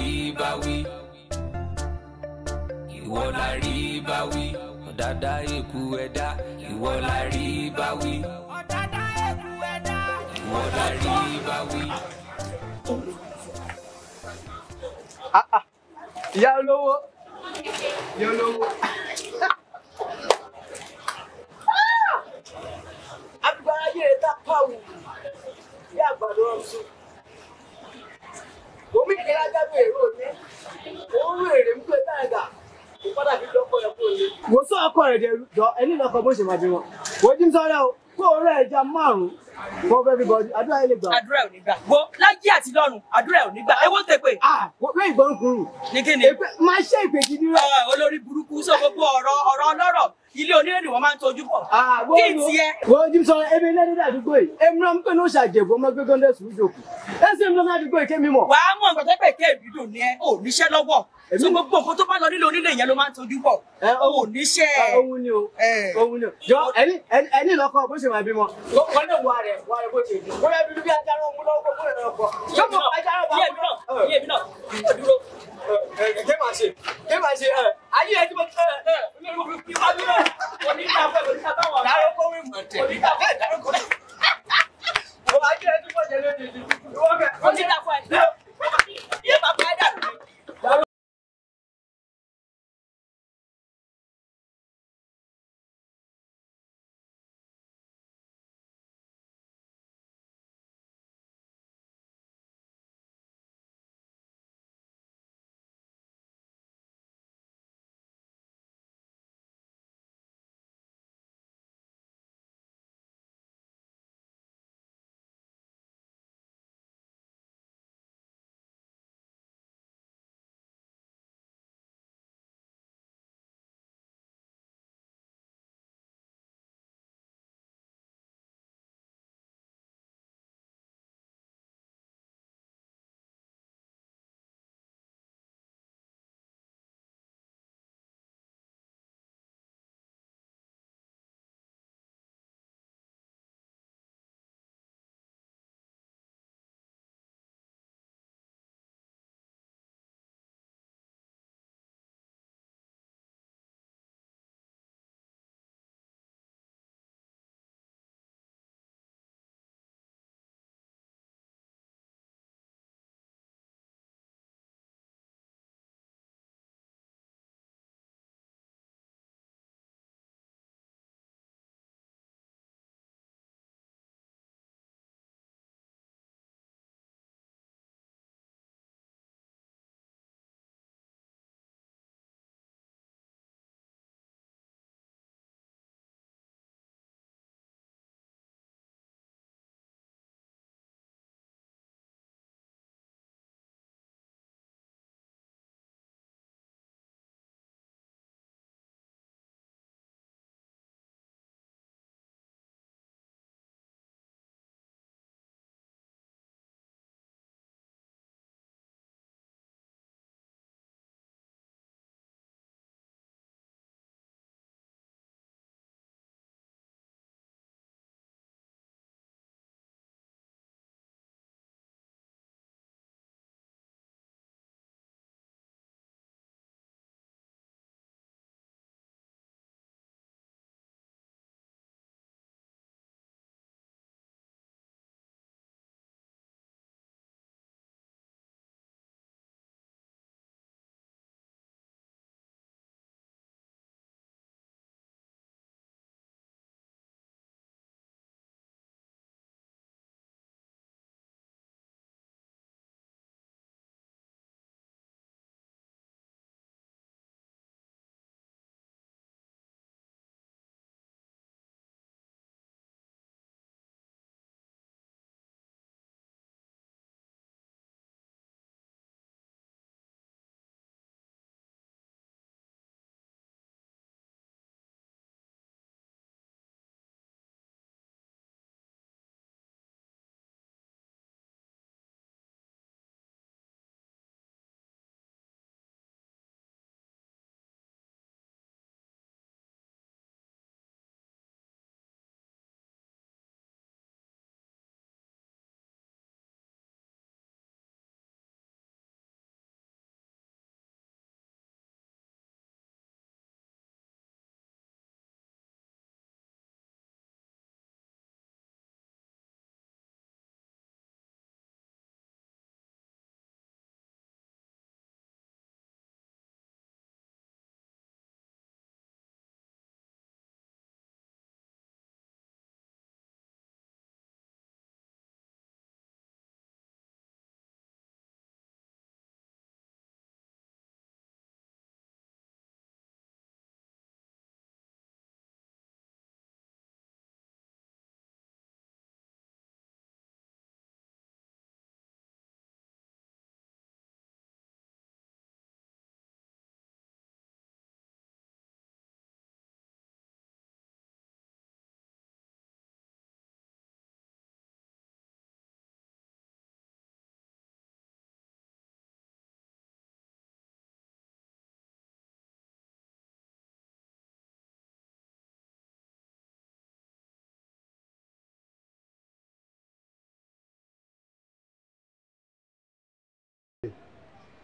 ìwọ la rí bá wí ọ̀dàdà èkú ẹ̀dá ìwọ la rí bá wí ọ̀dàdà èkú ẹ̀dá ìwọ la rí bá wí. Ah, ah. ìyá olówó ìyá olówó. agbára ah! yẹrẹ tá a pa wù bí àgbàdo ọ̀sùn gómìnira òun rèrè ń pè náà wò sọ ọkọ rẹ dẹrú jọ ẹni náà kọ bó ṣe máa bí wọn wò jí sọrẹ o kó o rẹ ẹja márùn for everybody àdúrà yẹn lè gbà. àdúrà ò ní gbà wo lájí àti lọ́run àdúrà ò ní gbà ẹwọ tẹ pé. wọ́n ìgbọ́n kúrú. ní kí ni. máa ṣe ìpè gidi rẹ. olórí burúkú sọ gbogbo ọ̀rọ̀ ọ̀rọ̀ ọlọ́rọ̀ ilé onírè ni wọ́n máa ń tọ́jú bọ̀. kí n tiẹ̀. wọ́n jí sọ ebi ilé nílẹ̀ yìí èmi náà ń pè ní oṣù àjẹbù ọmọ gbẹgbẹ́ ń dẹ̀ sùn ìjòkù. ẹ sì ń lọ sí àdúgbò yìí kémi mọ̀. wàá mọ̀ nǹkan tẹ́pẹ̀ kéèmí dùn ní ẹ ò lọ́wọ́ so gbogbo nǹkan tó bá lọ nílò onílé yẹn ló máa ń tojú bọ̀ òun níṣẹ́ òun ni o òun ni o jọ ẹni ẹni lọkọ bó ṣe máa bímọ. wọn lè wà rẹ wà rẹ bó ṣe jù bóyá ibi bí ajá náà mú lọ́wọ́ kó lè lọ́kọ. yóò mọ ajá náà bá wọn. iye mi náà yóò dúró. ké máa ṣe ké máa ṣe ayé ẹ ti mọ ẹ ẹ oníkàfẹ́ oníkàfẹ́ dárúkọ wí mọ̀ tẹ̀ oníkàfẹ́ dárúkọ. ayé ẹ ti mọ jẹ lónìí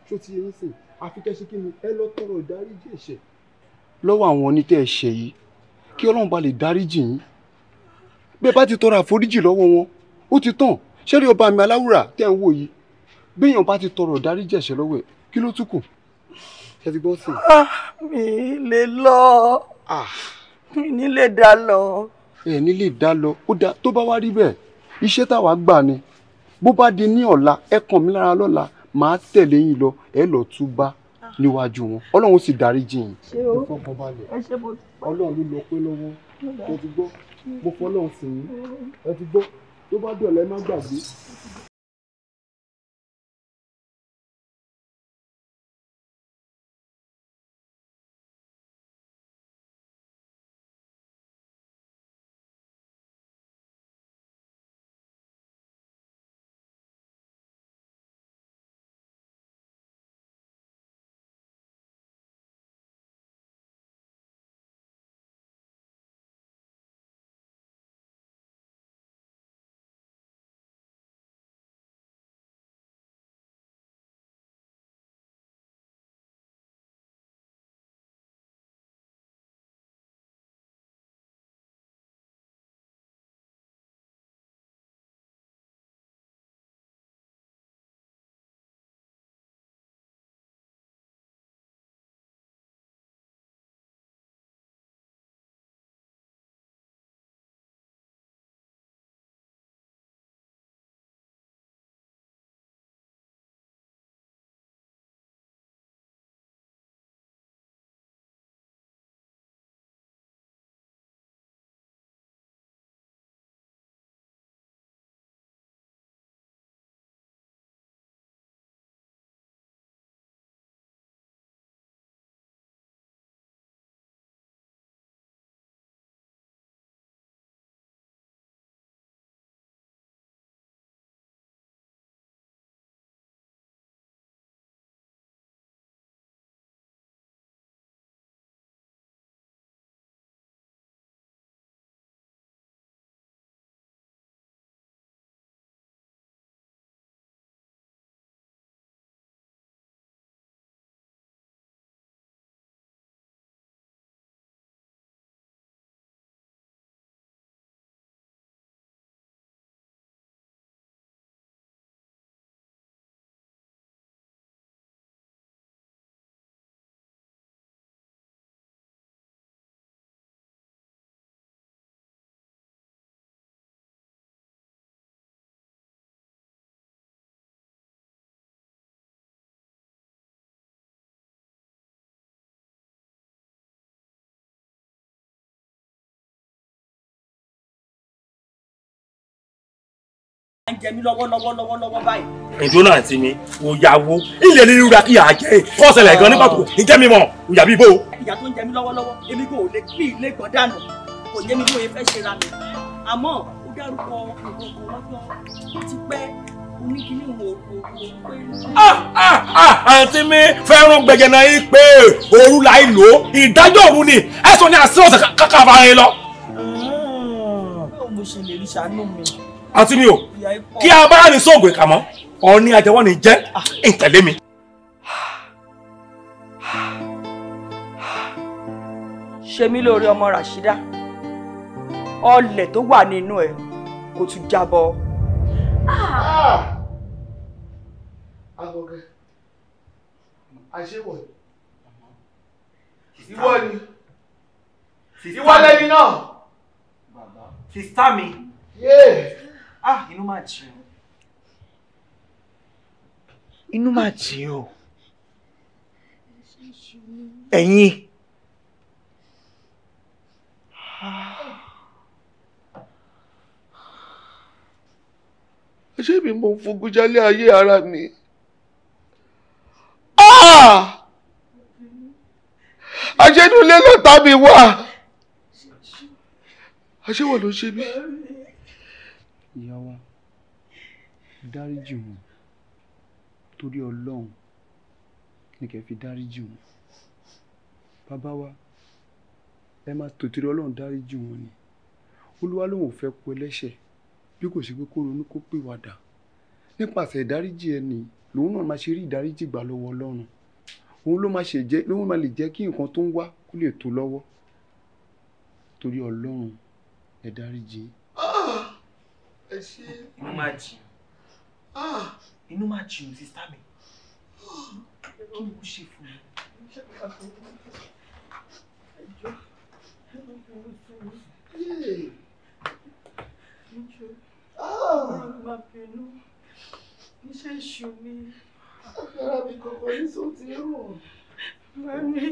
ṣó ti yẹn sìn àfi kí ni ẹ lọ tọrọ ìdáríjì ẹ̀ṣẹ̀ lọ́wọ́ àwọn onítẹ̀ ẹ̀ṣẹ̀ yìí kí ọlọ́run bá lè dáríjì yín bẹ́ẹ̀ bá ti tọrọ àforíjì lọ́wọ́ wọn ó ti tàn ṣẹ́rí ọba mi aláwùrà tẹ́ ń wò yìí béèyàn bá ti tọrọ ìdáríjì ẹ̀ṣẹ̀ lọ́wọ́ ẹ̀ kí ló tún kù ẹ ti gbọ́ sí i. Ah, mi lè lọ ah. mi ní lè dá lọ. ẹ ní lè dá lọ ó dáa tó bá wá rí bẹ́ẹ̀ iṣẹ́ táwa gbà ni bó bá di ní ọ̀la ẹ kàn mí lára lọ́la máa tẹ̀lé yín lọ ẹ lọ túbá ah. níwájú wọn ọlọ́run sì dáríjì yín. ṣé o ẹ ṣe mo ti pẹ́. ọlọ́run lọ pé lọ́wọ́ ẹ ti gbọ́ mo fọ́ ọlọ́run sìn yín mm. ẹ ti gbọ́ tó bá dọ̀lẹ́ má gbàgbé ń jẹ mí lọ́wọ́lọ́wọ́ lọ́wọ́lọ́wọ́ báyìí. ìdúró náà ti mi ò yàwó ilẹ̀ nínú ra kí yà jẹ́ kọ́ gan ní pàtó ní mi mọ̀ ò yà bí ìyá tó ń jẹ mí lọ́wọ́lọ́wọ́ èmi kò lè pín ilé gan dànù kò yé mi bí òye fẹ́ ṣe ra mi àmọ́ ó dárúkọ ìgbọ̀ngàn lọ́jọ́ ti pẹ́ oníkíní wo wo pé. Ah, ah, ah, àǹtí mi fẹ́ràn gbẹ̀gẹ̀nà yìí pé òru la yìí lò ìdájọ́ òru ni ẹ̀sùn ni àṣírọ̀ṣẹ̀ kàkàfà ṣe lè rí ṣàánú mi àti mi ò kí a bá ní sóògùn ìkà mọ́ ọ̀ọ́ni ajẹ́wọ́ ni jẹ́ ìtẹ̀lé mi. ṣe mí lóore ọmọ Ràṣídà ọlẹ̀ tó wà nínú ẹ̀ kò tún jábọ́. Ah! agbọ̀gẹ́ àṣewọ̀ ìwọ ni ìwọ lẹ́ni náà. sista mi. Yeah ah inú máa jì o inú máa jì o ẹ̀yin ṣé mi mo fogun jálé ayé ara mi ah! àṣẹ́nulé lọ́tà mi wà àṣẹ́wọ̀ ló ṣe mí ìyá wa dáríjì wọn torí ọlọ́run ní kẹ́ fi dáríjì wọn bàbá wa ẹ máa tòtìrí ọlọ́run dáríjì wọn ni olúwa lòun ò fẹ́ kú ẹlẹ́ṣẹ̀ bí kò sí pé kó ronú kó pèwàdà nípasẹ̀ ìdáríjì ẹni lòun náà máa ṣe rí ìdáríjì gbà lọ́wọ́ ọlọ́run òun ló máa ṣe jẹ́ ló máa lè jẹ́ kí nǹkan tó ń wá kó lè tó lọ́wọ́ torí ọlọ́run ẹ dáríjì yín ẹ ṣe. inú máa jì ah! inú máa jì ọ́ sísá mi kí ni mo ṣe fún mi. Iṣẹ́ ìṣù mi. Agbára ah! mi kọ̀ọ̀kan ní sọ ti rò. Mami,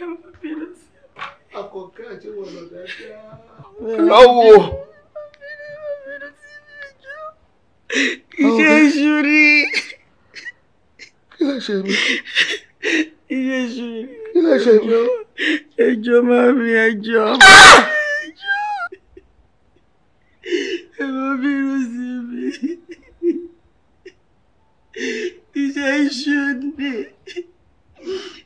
ẹ má bínú sí àkọ́kẹ́ lọ́wọ́ iṣẹ́ iṣu rí. iṣẹ́ iṣu rí. ẹjọ́ máa mi ẹjọ́. Ah! ẹ má bínú sí mi. iṣẹ́ iṣu ni.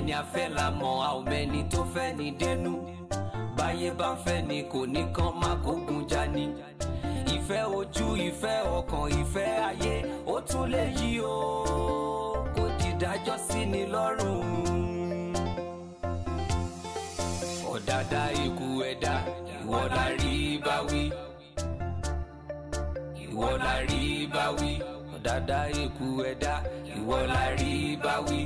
ẹni afẹ́ la mọ̀ a ò mẹ́ni tó fẹ́ ni dénú báyé bá ń fẹ́ ni kò ní kán má kógun jani ìfẹ́ ojú ìfẹ́ ọkàn ìfẹ́ ayé ó tún lè yí o kò dìdájọ́ sí ni lọ́rùn. ọ̀dàdà ikú ẹ̀dá ìwọ la rí bá wí ìwọ la rí bá wí ọ̀dàdà ikú ẹ̀dá ìwọ la rí bá wí.